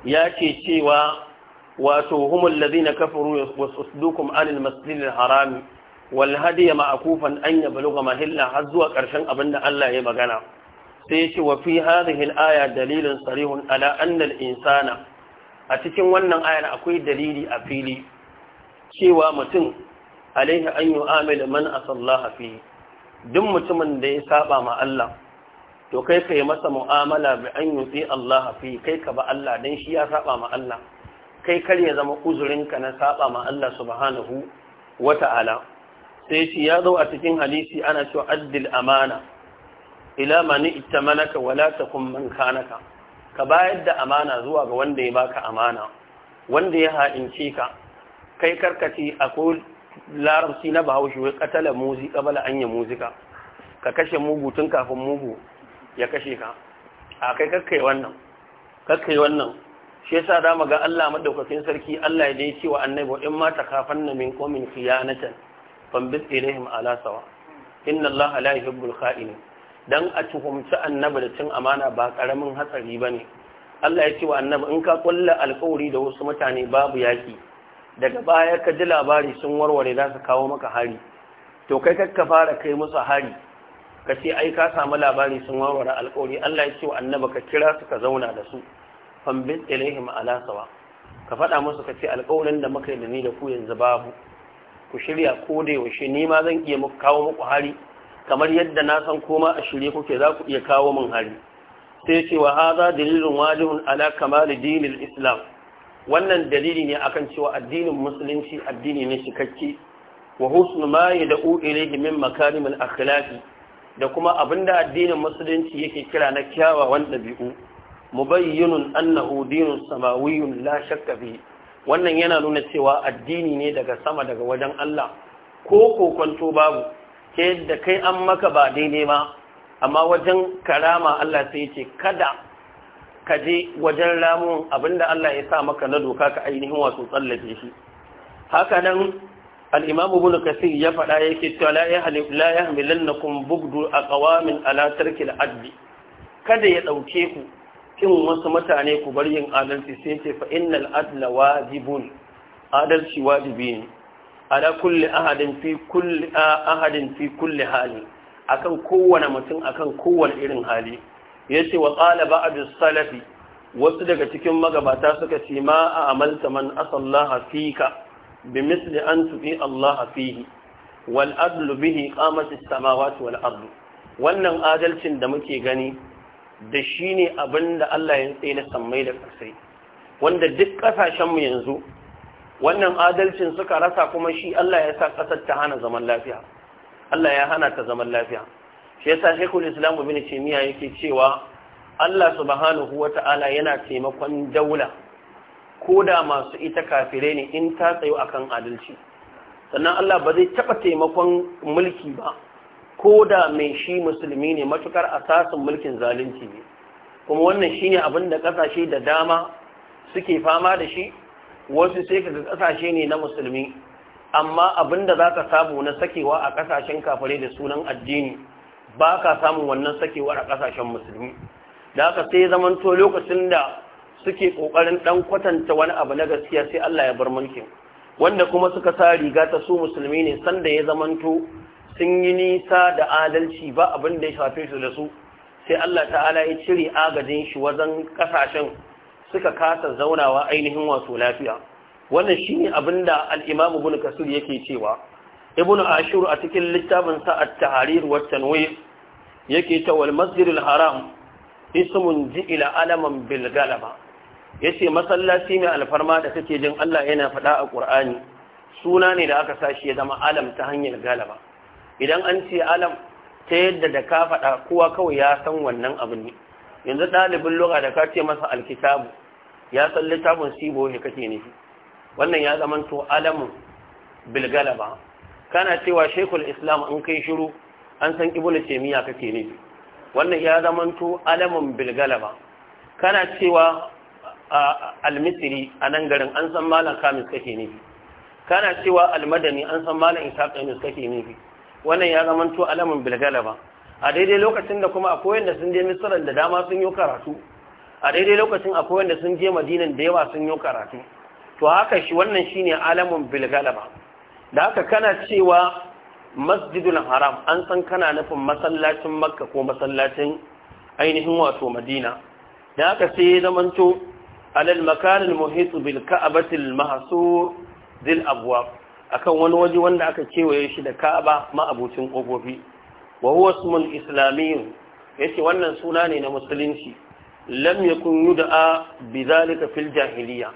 ya ce cewa wato humul ladina kafaru wasuddukum anil masjidil harami wal ya ma'kufan an baluga mahilla har zuwa ƙarshen abin da Allah ya magana sai ya ce wa fi hadhihi al-aya dalilun sarihun ala anna al-insana a cikin wannan ayar akwai dalili a fili cewa mutum alaihi an yi manasan man asallaha duk mutumin da ya saba ma Allah to kai ka yi masa mu'amala bi an yutsi Allah fi kai ka ba Allah dan shi ya saba ma Allah kai kar ya zama uzurinka na saba ma Allah subhanahu wata'ala sai shi ya zo a cikin hadisi ana cewa addil amana ila mani ittamanaka wala takum man kanaka ka bayar da amana zuwa ga wanda ya baka amana wanda ya ha'ince ka kai karkace akul larabci na bahaushe wai katala muzi kabala anya muzika ka kashe mugu tun kafin mugu ya kashe ka a kai kakkai wannan kakkai wannan shi yasa da ga Allah madaukakin sarki Allah ya dai cewa annabi in ma na min qomin khiyanatan bis ilaihim ala sawa inna Allah la yuhibbul kha'in dan a tuhumci annabi da cin amana ba karamin hatsari bane Allah ya cewa annabi in ka kulla alƙawari da wasu mutane babu yaki daga baya ka ji labari sun warware za su kawo maka hari to kai ka fara kai musu hari ka ce ai ka samu labari sun warware alkawari Allah ya ce wa annaba ka kira su ka zauna da su bin ilaihim ala sawa ka faɗa musu ka ce alkawarin da muka yi da ni da ku yanzu babu ku shirya ko da yaushe ni ma zan iya muku kawo muku hari kamar yadda na san koma a shirye kuke za ku iya kawo min hari sai ce wa hadha dalilun wajibun ala kamal dinil islam wannan dalili ne akan cewa addinin musulunci addini ne shikakke wa husnu ma yad'u ilayhi min makarimil akhlaqi da kuma abinda addinin musulunci yake kira na kyawawan dabi'u mubayyinun annahu dinus samawiyyun la shakka fi wannan yana nuna cewa addini ne daga sama daga wajen Allah ko kokonto babu ta da kai an maka ba daidai ba amma wajen karama Allah sai ya ce kada ka je wajen ramun abinda Allah ya sa maka na doka ka ainihin wato tsallake shi haka nan al-imam ibn kasir ya faɗa yake cewa la halif la yahmilannakum a aqwamin ala tarki da kada ya dauke ku kin wasu mutane ku bar yin adalci sai ce fa innal adla wajibun adalci wajibi ne ala kulli ahadin fi kulli ahadin fi kulli hali akan kowane mutum akan kowane irin hali yace wa qala ba'du salafi wasu daga cikin magabata suka ce ma a amalta man asallaha ka, bi misli an tufi Allah fihi wal adlu bihi qamat samawati wal ardu wannan adalcin da muke gani da shine abinda Allah ya tsaye da sammai da ƙasai wanda duk kasashen mu yanzu wannan adalcin suka rasa kuma shi Allah ya sa ƙasar ta hana zaman lafiya Allah ya hana ta zaman lafiya shi yasa shekul islam ibn taymiya yake cewa Allah subhanahu wata'ala yana taimakon daula koda masu ita kafirai ne in ta tsayo akan adalci sannan Allah ba zai taɓa taimakon mulki ba ko da mai shi musulmi ne matukar asasin mulkin zalunci ne kuma wannan shine abin da ƙasashe da dama suke fama da shi wasu sai kaga ƙasashe ne na musulmi amma abin da za samu na sakewa a ƙasashen kafirai da sunan addini ba ka samun wannan sakewar a ƙasashen musulmi da haka sai zaman to lokacin da suke ƙoƙarin ɗan kwatanta wani abu na gaskiya sai Allah ya bar mulkin wanda kuma suka sa riga ta su musulmi ne sanda ya zaman to sun yi nisa da adalci ba abin da ya shafe su da su sai Allah ta'ala ya cire agajin shi wajen ƙasashen suka kasa zaunawa ainihin wasu lafiya wannan shine abin da al-Imam Ibn Kasir yake cewa Ibn Ashur a cikin littafin sa At-Tahrir wa Tanwir yake ta wal masjidil haram ismun ila alaman bil galaba yace masallaci mai alfarma da kake jin Allah yana faɗa a Qur'ani suna ne da aka sashi ya zama alam ta hanyar galaba idan an ce alam ta yadda da ka faɗa kowa kawai ya san wannan abin ne yanzu ɗalibin lura da ka ce masa alkitabu ya san littafin sibo ne kake nufi wannan ya zamanto alamun bil galaba kana cewa shekul islam in kai shiru an san ibnu taymiya kake ne wannan ya zamanto alamun bilgalaba kana cewa almisiri a nan garin an san malam kamis kake ne kana cewa almadani an san malam isa kamis kake ne wannan ya zamanto alamun bilgalaba a daidai lokacin da kuma akwai wanda sun je misiran da dama sun yi karatu a daidai lokacin akwai wanda sun je madinan da yawa sun yi karatu to haka shi wannan shine alamun bilgalaba da haka kana cewa masjidul haram an san kana nufin masallacin makka ko masallacin ainihin wato madina da aka sai zamanto alal makanin muhitu bil ka'abatil mahsur dil abwab akan wani waje wanda aka kewaye shi da ka'aba ma'abucin ƙofofi. wa huwa ismun islamiyyun yace wannan suna ne na musulunci lam yakun yud'a bidhalika fil jahiliya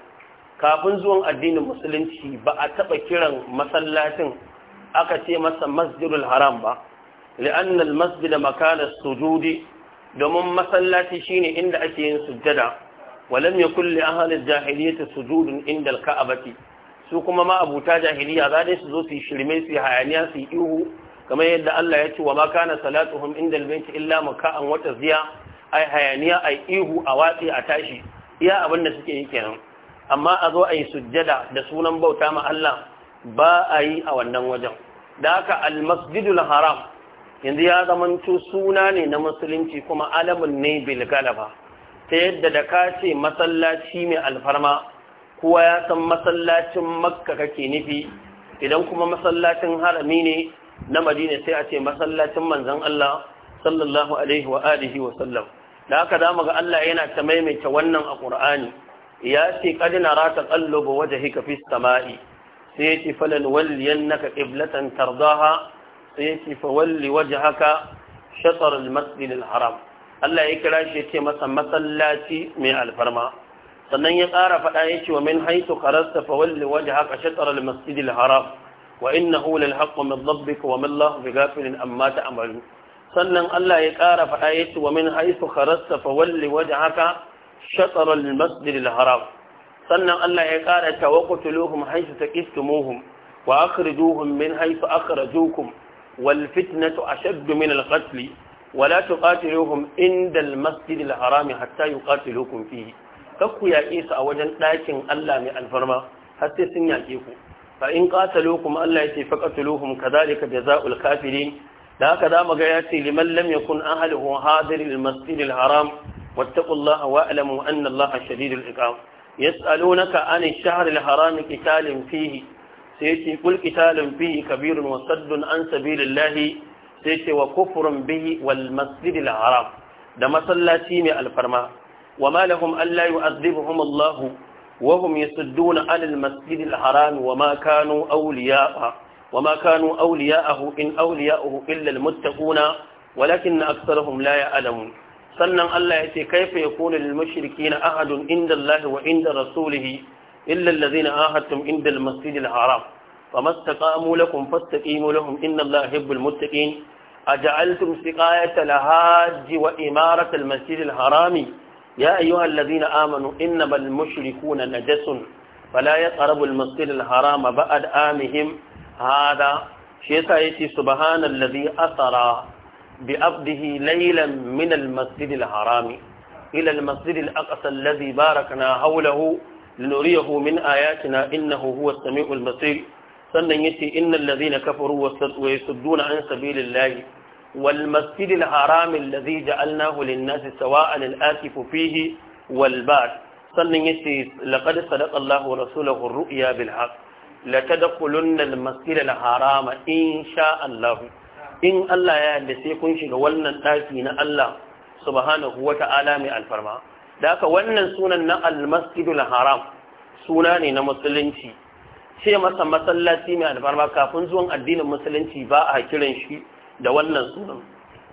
kafin zuwan addinin musulunci ba a taba kiran masallacin aka ce masa masjidul haram ba li'annal masjida makana sujudi domin masallaci shine inda ake yin sujjada walam yakul li ahli jahiliyyati sujudun inda al-ka'bati su kuma ma abuta jahiliya za dai su zo su shirme su hayaniya su ihu kamar yadda Allah ya ce wa ma kana salatuhum inda al-bayt illa makan wa taziya ai hayaniya ai ihu a watsi a tashi iya abin da suke yi kenan amma a zo ai sujjada da sunan bauta ma Allah ba a yi a wannan wajen da al almasjidul haram yanzu ya zamanto suna ne na musulunci kuma alamun ne bilgalaba ta yadda da ka ce masallaci mai alfarma kuwa ya san masallacin makka kake nufi idan kuma masallacin harami ne na madina sai a ce masallacin manzan Allah sallallahu alaihi wa alihi wa sallam da aka zamu ga Allah yana ta maimaita wannan a ƙur'ani. ya ce ƙallo ba waje hika fi sama'i sai ya ce falan walliyan naka ƙiblatan tardaha sai ya ce waje haka shatar masjidil haram Allah ya kira shi ya ce masa masallaci mai alfarma sannan ya ƙara faɗa ya ce wa min haitu karasta fa walli waje haka shatsar masjidil haram wa innahu lil haqqi min rabbika wa min lahu bighafilin amma ta'malu sannan Allah ya ƙara faɗa ya ce wa min haitu karasta fa walli waje haka shatar masjidil haram sannan Allah ya ƙara ta waqtuluhum haythu taqistumuhum wa akhrijuhum min haythu akhrajukum wal fitnatu ashaddu min al qatl tuqatiluhum inda al masjid al haram hatta yuqatilukum fihi kakku ya isa a wajen ɗakin Allah mai alfarma har sai sun yaƙe ku fa in qataluhum Allah yace faqatuluhum kadhalika jazaa'ul kafirin da haka zamu ga yace liman lam yakun ahlihu hadir al masjid al haram wattaqullaha wa'lamu anna Allah shadidul iqam yas'alunaka an ash-shahr al-haram qitalin fihi sai yace kabirun wa saddun an sabilillahi sai yace wa kufrun bihi wal masjid haram da masallaci mai alfarma wa ma lahum an la yu'adhibuhum Allah wa hum yasudduna an al-masjid al-haram wa ma kanu awliya'a wa ma kanu awliya'ahu in awliya'uhu illa al-muttaquna ولكن أكثرهم sannan Allah ya ce kaifa yakunu lil mushrikeena ahadun inda Allah wa inda rasulihi illa allazina ahadtum inda al masjidil haram famastaqamu lakum fastaqimu lahum inna Allah yuhibbul muttaqin أجعلتم سقاية الهاج وإمارة المسجد الحرام يا أيها الذين آمنوا إنما المشركون نجس فلا يقربوا المسجد الحرام بعد آمهم هذا شيء سبحان الذي أثر بأبده ليلا من المسجد الحرام إلى المسجد الأقصى الذي باركنا حوله لنريه من آياتنا إنه هو السميع البصير سننيتي إن الذين كفروا ويسدون عن سبيل الله والمسجد الحرام الذي جعلناه للناس سواء الآتف فيه والبعث سننيتي لقد صدق الله رسوله الرؤيا بالحق لتدخلن المسجد الحرام إن شاء الله in Allah ya yarda sai kun shiga wannan ɗaki na Allah subhanahu wata'ala mai alfarma da aka wannan sunan na almasjidul haram suna ne na musulunci ce masa masallaci mai alfarma kafin zuwan addinin musulunci ba a kiran shi da wannan sunan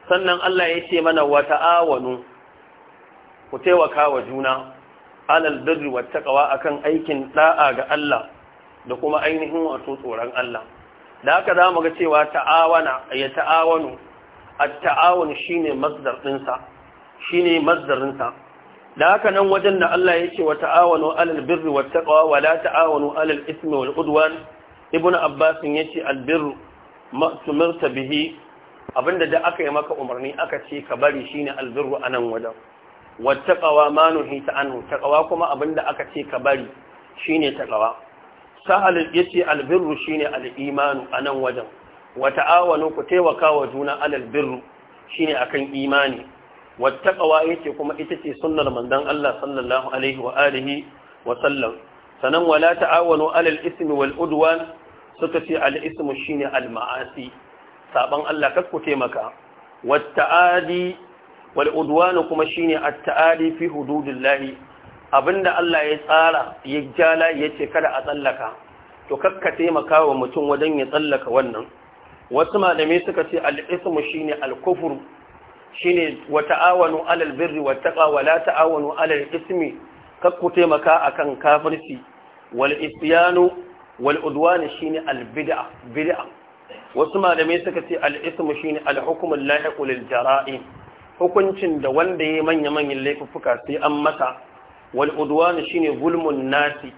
sannan Allah ya ce mana ta'awanu ku taimaka wa juna alal birri wa taqwa akan aikin da'a ga Allah da kuma ainihin wato tsoron Allah da haka za mu ga cewa ta'awana ya ta'awanu at-ta'awun shine masdar sa. shine masdarinsa da haka nan wajen da Allah ya ce wa ta'awanu alal birri wat taqwa wa la ta'awanu alal ismi wal udwan ibnu abbas yace al birr ma tumirta bihi abinda da aka yi maka umarni aka ce ka bari shine al birru anan wajen wat taqwa ma nuhita anhu taqwa kuma abinda aka ce ka bari shine taqwa sahal yace albirru shine al a anan wajen wa ku taimakawa wa juna alal birru shine akan imani wattaqwa ce kuma ita ce sunnar manzon Allah sallallahu alaihi wa alihi wa sallam sanan wala ta'awanu alal ismi wal udwan suka ce al ismu shine al ma'asi saban Allah kakku taimaka watta'adi wal udwan kuma shine at ta'adi fi hududillahi abinda Allah ya tsara ya jala ya ce kada a tsallaka to kakka taimaka wa mutum wajen ya tsallaka wannan wasu malamai suka ce al'ismu shine al-kufr shine wa ta'awanu alal birri wa taqwa wa la ta'awanu alal ismi kakku taimaka akan kafirci wal isyanu wal udwan shine al bid'a bid'a wasu malamai suka ce al'ismu shine al hukm al lahiq lil jara'im hukuncin da wanda yayi manya manyan laifuffuka sai an masa wal udwan shine gulmun nasi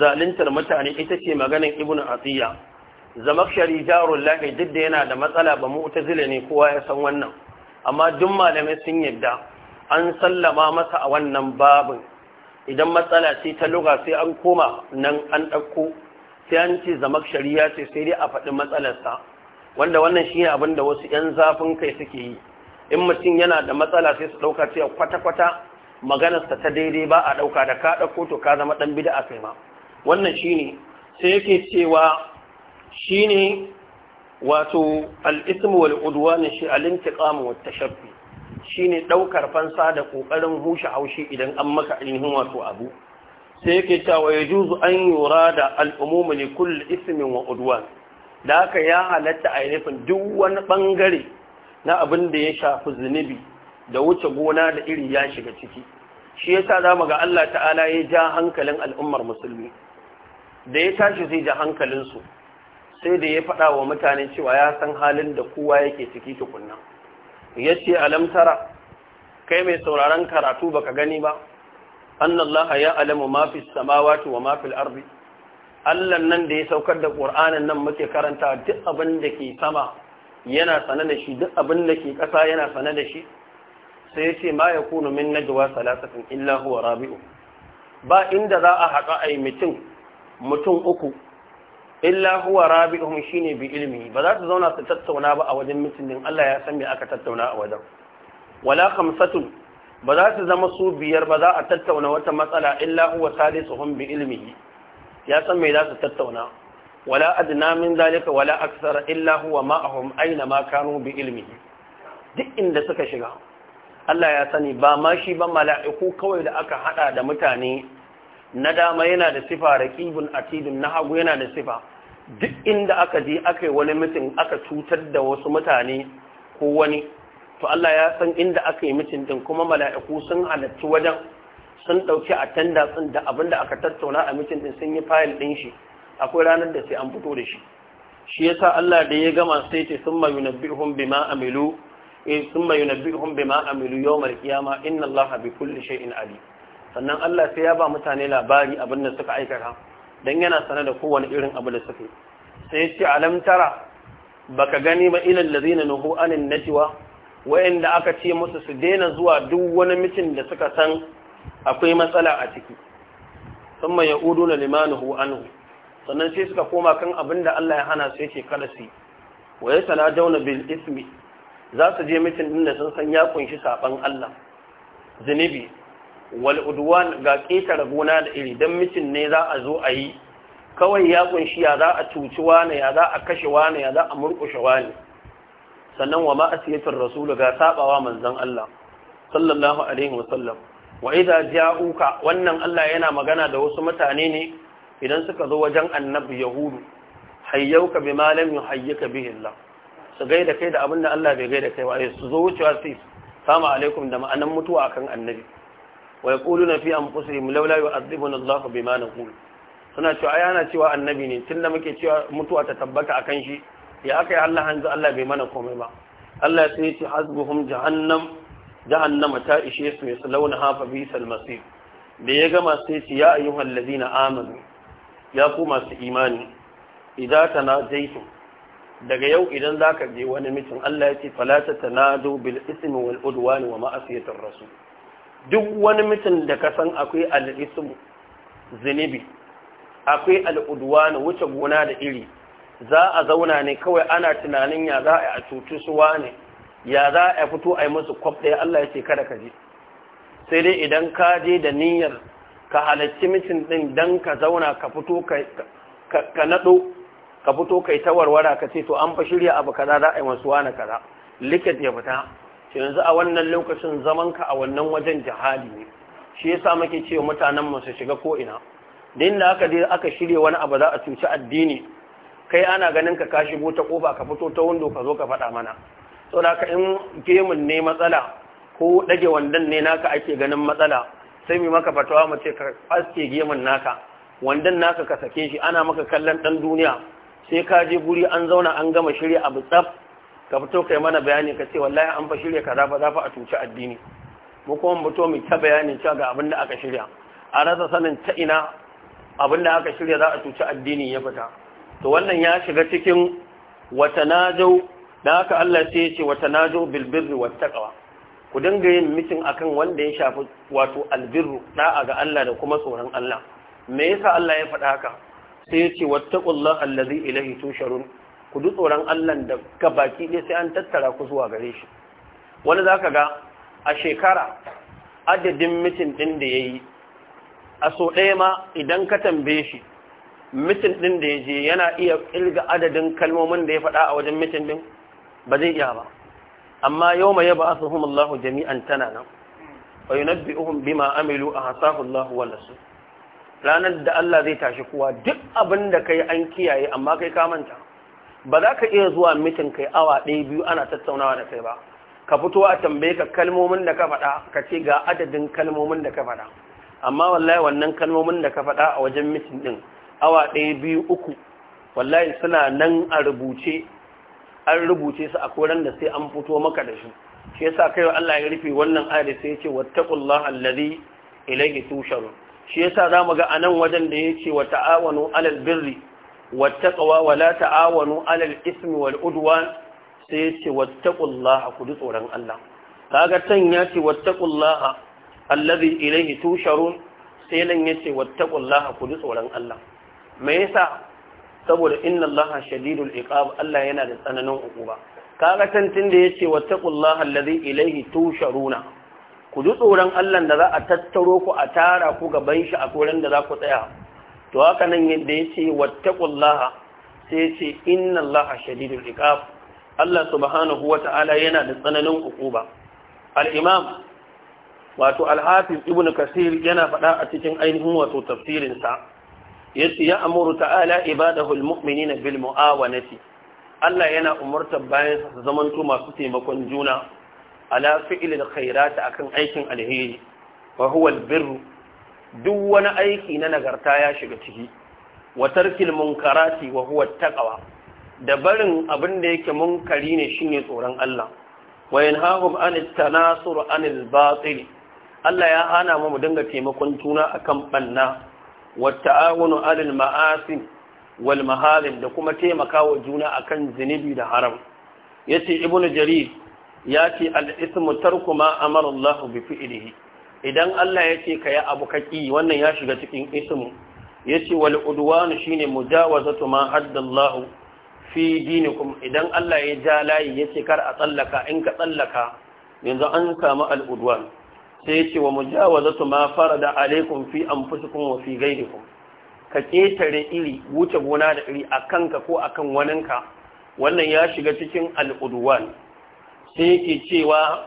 zaluntar mutane ita ce maganar ibnu asiya zamakshari jarul lahi duk da yana da matsala ba mu'tazila ne kowa ya san wannan amma duk malamai sun yadda an sallama masa a wannan babin idan matsala ce ta luga sai an koma nan an ɗauko sai an ce zamakshari ya ce sai dai a faɗi matsalarsa wanda wannan shine ne abin da wasu 'yan zafin kai suke yi in mutum yana da matsala sai su dauka cewa kwata-kwata maganarsa ta daidai ba a ɗauka da ka ɗauko to ka zama ɗan bida a kai ma wannan shine sai yake cewa shine wato al'ismu wal udwan shi al-intiqam wa Shi shine ɗaukar fansa da ƙoƙarin hushe haushi idan an maka ainihin wato abu sai yake cewa yajuzu an yurada al-umum li kulle ismin wa udwan da haka ya halatta a nufin duk wani ɓangare na abin da ya shafi zunubi da wuce gona da iri ya shiga ciki shi yasa mu ga Allah ta'ala ya ja hankalin al'ummar musulmi da ya tashi zai ja hankalin su sai da ya faɗa wa mutane cewa ya san halin da kowa yake ciki tukunna yace alam tara kai mai sauraron karatu baka gani ba annallaha ya alamu ma fi samawati wa ma fil ardi Allah nan da ya saukar da Qur'anin nan muke karanta duk abin da ke sama yana sane da shi duk abin da ke ƙasa yana sane da shi sai ya ce ma ya kunu min najwa salasatin illa huwa rabi'u ba inda za a haɗa a yi mutum mutum uku illa huwa shi shine bi ilmi ba za su zauna su tattauna ba a wajen mutumin Allah ya san me aka tattauna a wajen wala khamsatun ba za su zama su biyar ba za a tattauna wata matsala illa huwa salisuhum bi ilmihi ya san me za su tattauna wala adna min zalika wala aksara illa huwa ma'ahum aina ma kanu bi ilmihi duk inda suka shiga Allah ya sani ba ma shi ba mala'iku kawai da aka haɗa da mutane na dama yana da sifa ƙibin atidun na hagu yana da sifa duk inda aka je aka yi wani mutum aka cutar da wasu mutane ko wani to Allah ya san inda aka yi mutum din kuma mala'iku sun halarci wajen sun a tanda sun da abin da aka tattauna a mutum din sun yi fayil ɗin shi akwai ranar da sai an fito da shi shi yasa Allah da ya gama sai ce na bihun bima amilu in summa yunabbihum bima amilu yawmal qiyama inna allaha bi kulli shay'in alim sannan Allah sai ya ba mutane labari abin da suka aikata dan yana sanar da kowane irin abu da suka yi sai ya ce alam tara baka gani ba ilal ladina nuhu anin najwa wayanda aka ce musu su daina zuwa duk wani mutum da suka san akwai matsala a ciki thumma yauduna limanuhu anhu sannan sai suka koma kan abin da Allah ya hana su yake kada su wa yasalajuna bil ismi za su je mitin din da sun san ya kunshi saban Allah zunubi wal udwan ga ketare gona da iri dan mitin ne za a zo a yi kawai ya kunshi ya za a cuci wani ya za a kashe wani ya za a murkushe wani sannan wa ma'asiyatir rasul ga sabawa manzon Allah sallallahu alaihi wasallam wa idza ja'uka wannan Allah yana magana da wasu mutane ne idan suka zo wajen annabi yahudu hayyuka bima lam yuhayyika bihi Allah su gaida kai da abin da Allah bai gaida kai waye eh, su zo wucewa su salamu alaikum da ma'anan mutuwa akan annabi wa yaquluna fi anfusihim laula yu'adhibuna Allah bima naqul suna cewa ai ana cewa annabi ne tunda muke cewa mutuwa ta tabbata akan shi ya akai Allah hanzu Allah bai mana komai ba Allah ya ce hasbuhum jahannam jahannam ta ishe su launa hafa bisal masir da ya gama sai ce ya ayyuhal ladina amanu ya ku masu imani idza tanajaytum daga yau idan za ka je wani mitin Allah ya ce falata ta zo bil ismi wal udwan wa ma'asiyatir rasul duk wani mitin da ka san akwai al ismu zinibi akwai al udwan wuce gona da iri za a zauna ne kawai ana tunanin ya za a cuci su ne ya za a fito a yi musu kwaf ɗaya Allah ya ce kada ka je sai dai idan ka je da niyyar ka halarci mitin ɗin dan ka zauna ka fito ka naɗo ka fito kai ta warwara ka ce to an fa shirya abu kaza za a yi wasu wani kaza likit ya fita yanzu a wannan lokacin zaman ka a wannan wajen jihadi ne shi yasa muke cewa mutanen mu su shiga ko ina din da aka je aka shirya wani abu za a cuci addini kai ana ganin ka ka shigo ta kofa ka fito ta window ka zo ka faɗa mana saboda ka in gemun ne matsala ko ɗage wandan ne naka ake ganin matsala sai mai maka fatawa mu ce ka aske gemun naka wandon naka ka sake shi ana maka kallon ɗan duniya sai ka je guri an zauna an gama shirya abu tsaf ka fito kai mana bayani ka ce wallahi an fa shirya kaza fa za fa a tuci addini mu kuma mu to mu ta bayani cewa ga abin da aka shirya a rasa sanin ta ina abin da aka shirya za a tuci addini ya fita to wannan ya shiga cikin watanajau da haka Allah sai ya ce watanajau bil birri wat taqwa ku dinga yin mitin akan wanda ya shafi wato albirru da'a ga Allah da kuma tsoron Allah me yasa Allah ya faɗa haka sai ya ce wattaƙullah allazi ilahi tusharun ku duk tsoron allah da ka baki ne sai an tattara ku zuwa gare shi wani za ka ga a shekara adadin mitin ɗin da ya yi a so ɗaya ma idan ka tambaye shi mitin ɗin da ya je yana iya ƙirga adadin kalmomin da ya faɗa a wajen mitin ɗin ba zai iya ba amma yau mai yaba asuhun jami'an tana nan wa yunabbi'uhum bima amilu a hasahullahu wa nasu ranar da Allah zai tashi kuwa, duk abin da kai an kiyaye amma kai ka manta ba za ka iya zuwa mitin kai awa ɗaya biyu ana tattaunawa da kai ba ka fito a tambaye ka kalmomin da ka faɗa ka ce ga adadin kalmomin da ka faɗa amma wallahi wannan kalmomin da ka faɗa a wajen mitin ɗin awa ɗaya biyu uku wallahi suna nan a rubuce an rubuce su a koran da sai an fito maka da shi shi yasa kai Allah ya rufe wannan ayar sai ya ce wattaqullaha allazi ilayhi tusharun shi yasa zamu ga anan wajen da yake wa ta'awanu alal birri wa taqwa wa la ta'awanu alal ismi wal udwan sai yace wattaqullaha ku tsoron Allah kaga tan yace wattaqullaha alladhi ilayhi tusharun sai nan yace wattaqullaha ku tsoron Allah me yasa saboda inna Allaha shadidul iqab Allah yana da tsananin uquba kaga tan da yace wattaqullaha alladhi ilayhi tusharuna ku ji tsoron Allah da za a tattaro ku a tara ku gaban shi a koren da za ku tsaya to haka nan yadda ya ce wattaqullaha sai ya ce inna Allah shadidul iqab Allah subhanahu ta'ala yana da tsananin ukuba al-imam wato al-hafiz ibn kasir yana faɗa a cikin ainihin wato tafsirin sa yace ya amuru ta'ala ibadahu al-mu'minina bil mu'awanati Allah yana umurtar bayan su zamanto masu taimakon juna ala fi'lil khairat akan aikin alheri wa huwa albirru duk wani aiki na nagarta ya shiga ciki wa tarkil munkarati wa huwa taqwa da barin abin da yake munkari ne shine tsoron Allah wa yanhahum anit tanasur anil batil Allah ya hana mu mu dinga taimakon juna akan banna wa ta'awunu alal ma'asim wal mahalim da kuma taimakawa juna akan zinubi da haram yace ibnu jarir ya ce al'ismu tarku ma amara bi fi'lihi idan Allah ya ce ka yi abu kaki wannan ya shiga cikin ismu ya ce wal udwanu shine mujawazatu ma hadda Allah fi dinikum idan Allah ya ja layi ya ce kar a tsallaka in ka tsallaka yanzu an samu al udwan sai ya ce wa mujawazatu ma da alaikum fi anfusikum wa fi ghayrikum ka ƙetare iri wuce gona da iri a kanka ko akan waninka wannan ya shiga cikin al udwan sai yake cewa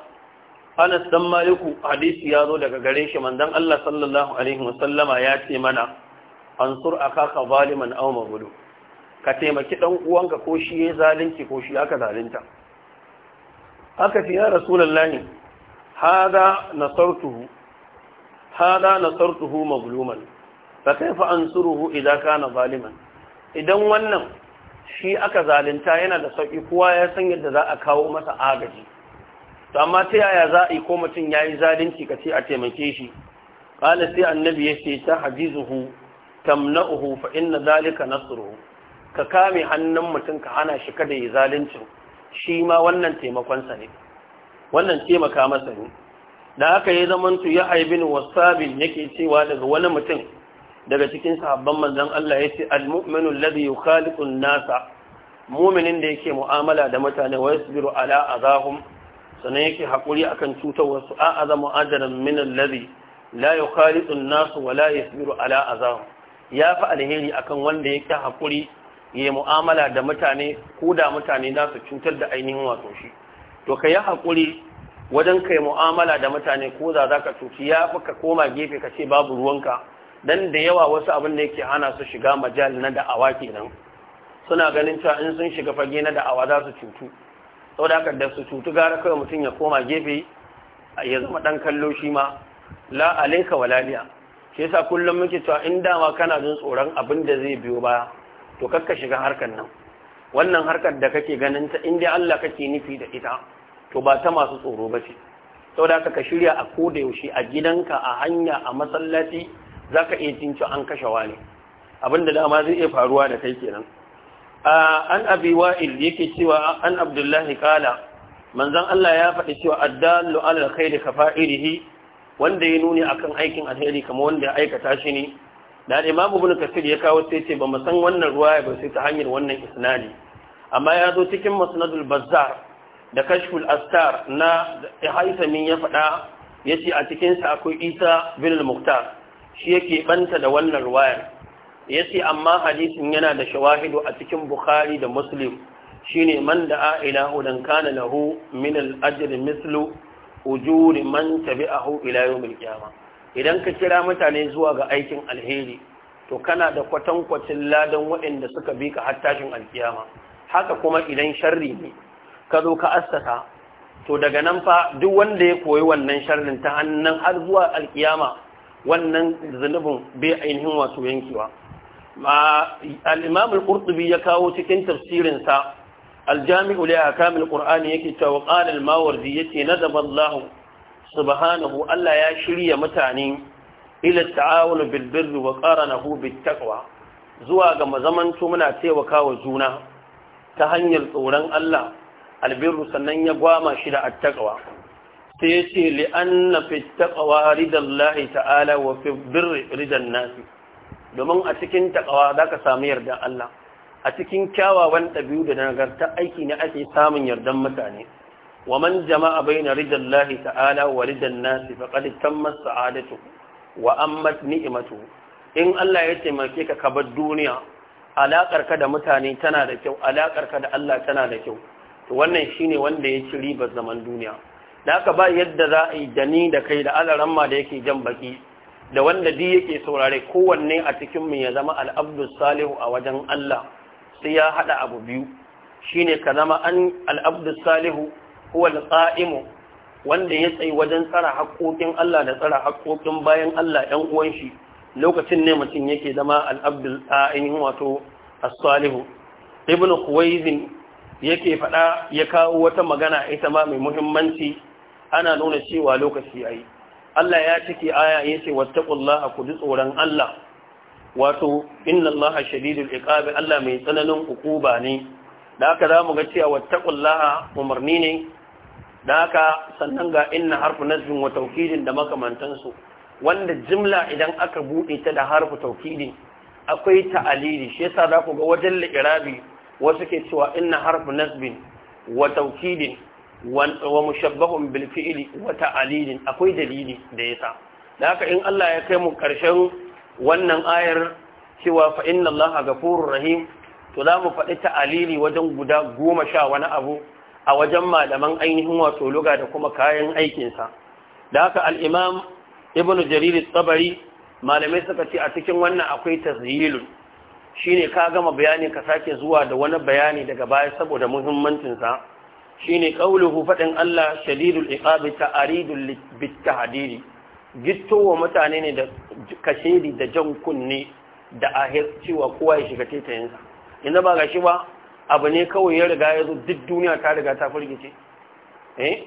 Anas dan Maliku hadisi ya zo daga gare shi mandan Allah sallallahu alaihi wasallama ya ce mana ansur akaka zaliman aw mazlum ka taimaki dan uwanka ko shi ya zalunci ko shi aka zalunta aka ce ya rasulullahi hada nasartuhu hada nasartuhu mazluman fa kaifa ansuruhu idan kana zaliman idan wannan shi aka zalunta yana da sauƙi kuwa ya san yadda za a kawo masa agaji to amma ta yaya za a yi ko mutum ya yi zalunci ka ce a taimake shi ƙala sai annabi ya ce ta hajizuhu tamna'uhu fa inna zalika nasruhu ka kame hannun mutum ka hana shi kada yi zaluncin shi ma wannan taimakonsa ne wannan taimaka masa ne da aka yi zamantu ya aibin wasabin yake cewa daga wani mutum daga cikin sahabban manzon Allah yace al-mu'minu alladhi yukhaliqu an-nasa mu'minin da yake mu'amala da mutane wa yasbiru ala azahum sanan yake hakuri akan cutarwar su azamu ajran min alladhi la yukhaliqu an nasa wa la yasbiru ala azahum ya fa alheri akan wanda yake hakuri ya mu'amala da mutane ko da mutane za su cutar da ainihin wato shi to kai hakuri wajen kai mu'amala da mutane ko za za ka ya fi ka koma gefe ka ce babu ruwanka dan da yawa wasu abin da yake hana su shiga majal na awa kenan suna ganin cewa in sun shiga fage na da'awa za su cutu saboda haka da su cutu gara kawai mutum ya koma gefe ya zama dan kallo shi ma la alayka walaliya shi yasa kullum muke cewa in dama kana jin tsoron abin da zai biyo baya to kakka shiga harkar nan wannan harkar da kake ganin ta inda Allah kake nufi da ita to ba ta masu tsoro ba ce saboda haka ka shirya a koda yaushe a gidanka a hanya a masallaci za ka iya cinci an kashe wani abinda dama zai iya faruwa da kai kenan an abi wa'il yake cewa an abdullahi kala manzon Allah ya faɗi cewa addallu ala alkhairi kafa'irihi wanda ya nuni akan aikin alheri kamar wanda ya aikata shi ne da imamu ibn kasir ya kawo sai ce ba mu san wannan ruwaya ba sai ta hanyar wannan isnadi amma ya zo cikin musnadul bazzar da kashful astar na haitamin ya faɗa ya ce a cikinsa akwai isa bin al-muqtar shi yake banta da wannan ruwayar ya ce amma hadisin yana da shawahidu a cikin bukhari da muslim Shi ne man da a'ila udan kana lahu min al'ajir mislu ujuri man a ila yawmil milkiyama. idan ka kira mutane zuwa ga aikin alheri to kana da kwatankwacin ladan waɗanda suka bi ka hattashin alkiyama haka kuma idan sharri ne ka zo ka assasa to daga nan fa duk wanda ya koyi wannan sharrin ta hannun har zuwa alkiyama wannan zunubin bai ainihin wato yankewa al-imam ya kawo cikin tafsirin sa al-jami'u li ahkam al-qur'ani yake cewa qala al-mawardi yace nadaba Allah subhanahu Allah ya shirya mutane ila ta'awun bil birri wa qaranahu bit taqwa zuwa ga mazamanto muna taimakawa juna ta hanyar tsoron Allah albirru sannan ya gwama shi da attaqwa sai ya ce li'anna fi taqwa ridallahi ta'ala wa fi ridan nasi domin a cikin za zaka samu yardan Allah a cikin kyawawan ɗabi'u da nagarta aiki ne ake samun yardan mutane wa man jama'a baina ridallahi ta'ala wa ridan nasi faqad tammat Adatu wa ammat ni'matu in Allah ya taimake ka kabar bar duniya Alakarka ka da mutane tana da kyau alakar ka da Allah tana da kyau to wannan shine wanda ya ci ribar zaman duniya da aka ba yadda za a yi da da kai da alaran ma da yake jan baki da wanda di yake saurare kowanne a cikin mu ya zama al'abdus salihu a wajen Allah sai ya hada abu biyu shine ka zama an al'abdus salihu huwa al-qa'imu wanda ya tsayi wajen tsara haƙoƙin Allah da tsara haƙoƙin bayan Allah ɗan uwan shi lokacin ne mutum yake zama al'abdul ainihin wato as-salihu ibn khuwaizin yake faɗa ya kawo wata magana ita ma mai muhimmanci ana nuna cewa lokaci yayi Allah ya cike aya yace wataƙullaha ku ji tsoron Allah wato inna a shadidul iqab Allah mai tsananin hukuma ne da za mu ga cewa wattaqullaha umarni ne da aka sannan ga inna harfu nasbin wa taukidin da makamantansu wanda jimla idan aka buɗe ta da harfu taukidi akwai ta'alili shi yasa za ku ga wajen li'irabi wasu ke cewa inna harfu nasbin wa taukidin wa mushabbahun bil fi'li wa ta'alilin akwai dalili da yasa da haka in Allah ya kai mu karshen wannan ayar cewa fa inna allaha ghafurur rahim to za mu faɗi ta'alili wajen guda goma sha wani abu a wajen malaman ainihin wato luga da kuma kayan aikinsa da haka al'imam Ibnu jarir tsabari malamai suka ce a cikin wannan akwai tasirilun shine ka gama bayani ka sake zuwa da wani bayani daga baya saboda muhimmancinsa shine kauluhu faɗin Allah shadidul iqabi ta'aridul bitahdiri wa mutane ne da kashedi da jan kunne da ahir cewa kowa ya shiga In yanzu ba gashi ba abu ne kawai ya riga ya zo duk duniya ta riga ta firgici. eh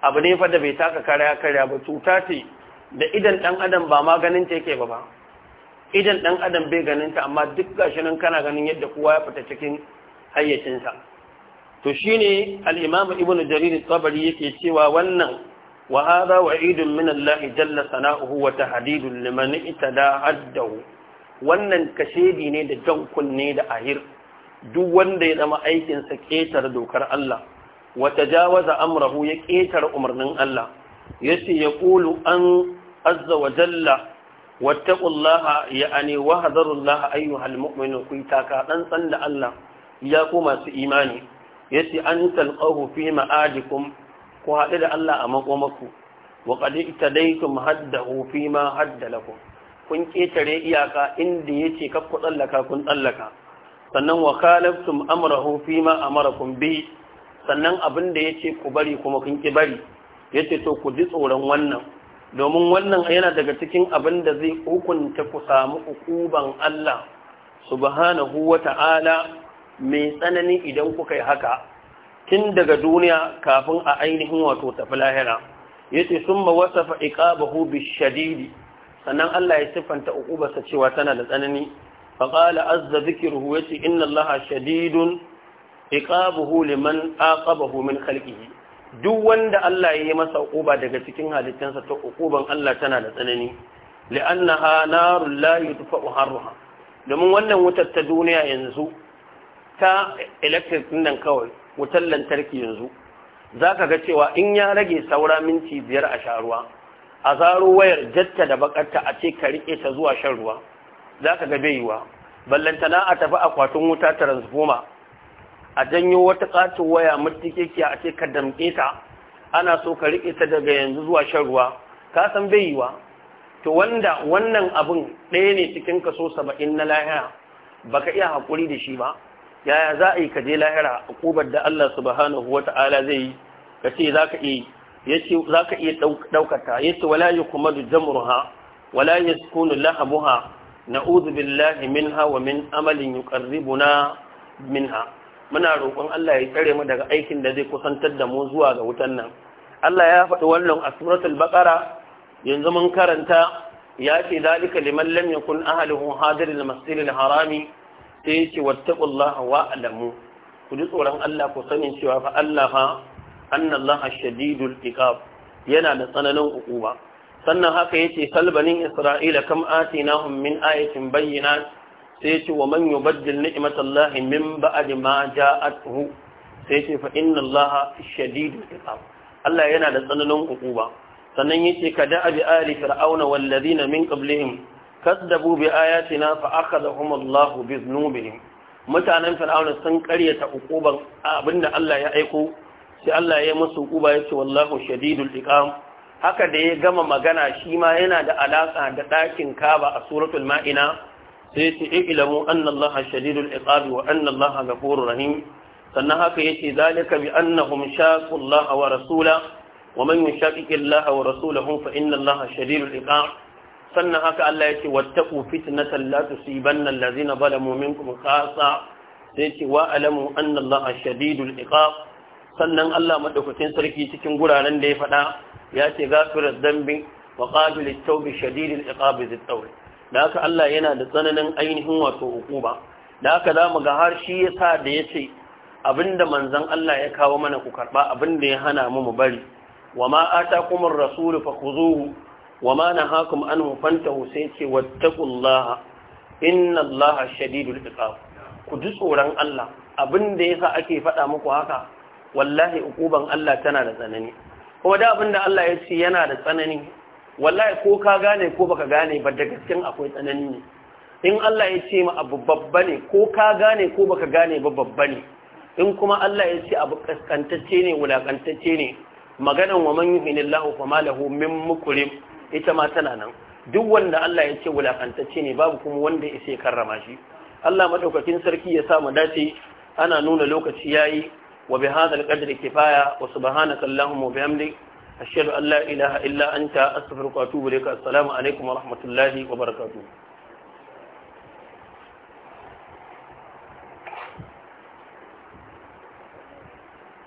abu ne fa da bai taka karya karya ba cuta ce da idan dan adam ba ma ta yake ba ba idan dan adam bai ganin ta amma duk gashi nan kana ganin yadda kowa ya fita cikin hayyacinsa to shine ne imam ibnu jarir Sabari yake cewa wannan wa hadha wa'idun min Lahi jalla sana'uhu wa tahdidun liman itada haddahu wannan kashedi ne da jan kunne da ahir duk wanda ya zama aikin sa ketar dokar Allah wata jawaza amrahu ya ketar umarnin Allah yace ya ƙulu an azza wa jalla wattaqullaha ya'ani wa hadarullaha ayyuhal mu'minun kuita ka dan san da Allah ya ko masu imani yace an talqahu fi ma'adikum ku haɗu da Allah a makomaku wa qad itadaytum haddahu fi ma hadda kun ketare iyaka inda yace kar ku tsallaka kun tsallaka sannan wa khalaftum amrahu fi ma amarakum bi sannan abin da yace ku bari kuma kun ki bari yace to ku ji tsoron wannan domin wannan yana daga cikin abin da zai hukunta ku samu ukuban Allah subhanahu wa ta'ala mai tsanani idan kuka yi haka tun daga duniya kafin a ainihin wato tafi lahira ya ce sun ma wasafa hubi shadidi sannan Allah ya siffanta uqubarsa cewa tana da tsanani fa ƙala azza ya yace inna Allaha shadidun iqabuhu liman aqabahu min halƙihi duk wanda Allah ya yi masa ƙuba daga cikin halittansa ta ukuban Allah tana da tsanani li'annaha narul la yutfa'u harruha domin wannan wutar ta duniya yanzu ta electric nan kawai wutar lantarki yanzu za ka ga cewa in ya rage saura minti biyar a sharuwa ruwa a zaro wayar jatta da bakarta a ce ka riƙe ta zuwa shan ruwa za ka ga bai yiwa ballantana a tafi akwatin wuta transformer a janyo wata katin waya mutukekiya a ce ka damke ta ana so ka rike ta daga yanzu zuwa shan ruwa ka san bai yiwa to wanda wannan abin ɗaya ne cikin kaso saba'in na lahiya baka iya haƙuri da shi ba yaya za a yi ka je lahira a kubar da Allah subhanahu Ta'ala zai yi ka ce za ka iya za ka iya ɗaukata yace wala yi kuma da jamurha wala ya sukunu lahabuha na'udhu billahi minha wa min amalin yuqarribuna minha muna roƙon Allah ya tsare mu daga aikin da zai kusantar da mu zuwa ga wutan nan Allah ya faɗi wannan a suratul baqara yanzu mun karanta ya ce zalika liman lam yakun ahluhu hadiril masjidil harami sai ya ce wattaqullaha wa alamu ku ji tsoron Allah ku sanin cewa fa Allah fa annallaha shadidul iqab yana da tsananin hukuma sannan haka yace salbanin isra'ila kam atinahum min ayatin bayyinat sai yace wa man yubaddil ni'matallahi min ba'di ma ja'athu sai yace fa shadidul iqab Allah yana da tsananin hukuma sannan yace kada abi ali fir'auna wal min qablihim kaddabu bi ayatina fa akhadhahum Allah bi dhunubihim mutanen fir'auna sun karyata ukuban abinda Allah ya aiko sai Allah ya musu ukuba yace wallahu shadidul iqam haka da ya gama magana shi ma yana da alaka da dakin kaba a suratul Ma'ina sai yace ilamu anna Allah shadidul iqab wa anna Allah ghafurur rahim sannan haka yace zalika bi annahum shaqu Allah wa rasula wa man yushaqiqi Allah wa rasulahu fa inna Allah shadidul iqam sannan haka Allah ya ce wattaqu fitnatan la tusibanna allazina zalamu minkum khassa sai ce wa alamu anna Allah shadidul iqab sannan Allah madaukakin sarki cikin guraren da ya faɗa ya ce gafirar dambi wa qabil at shadidul iqab zit-tawb da haka Allah yana da tsananin ainihin wato hukuma da haka zamu ga har shi yasa da yace abinda manzon Allah ya kawo mana ku karba abinda ya hana mu mu bari wa ma atakumur rasul fakhuzuhu wa ma nahakum anhu fantahu sai ce wattaqullaha inna Allah shadidul iqab ku ji tsoron Allah abin da yasa ake faɗa muku haka wallahi ukuban Allah tana da tsanani kuma da abin da Allah ya ce yana da tsanani wallahi ko ka gane ko baka gane ba da gaskiya akwai tsanani ne in Allah ya ce ma abu babba ne ko ka gane ko baka gane ba babba ne in kuma Allah ya ce abu kaskantacce ne wulakantacce ne maganan wa man yuhinillahu fama lahu min mukrim ita ma tana nan duk wanda Allah ya ce wulakantacce ne babu kuma wanda ya sai karrama shi Allah madaukakin sarki ya sa mu dace ana nuna lokaci yayi wa bi hadal qadri kifaya wa subhanaka allahumma wa bihamdik ashhadu an la ilaha illa anta astaghfiruka wa atubu ilaik assalamu alaikum wa rahmatullahi wa barakatuh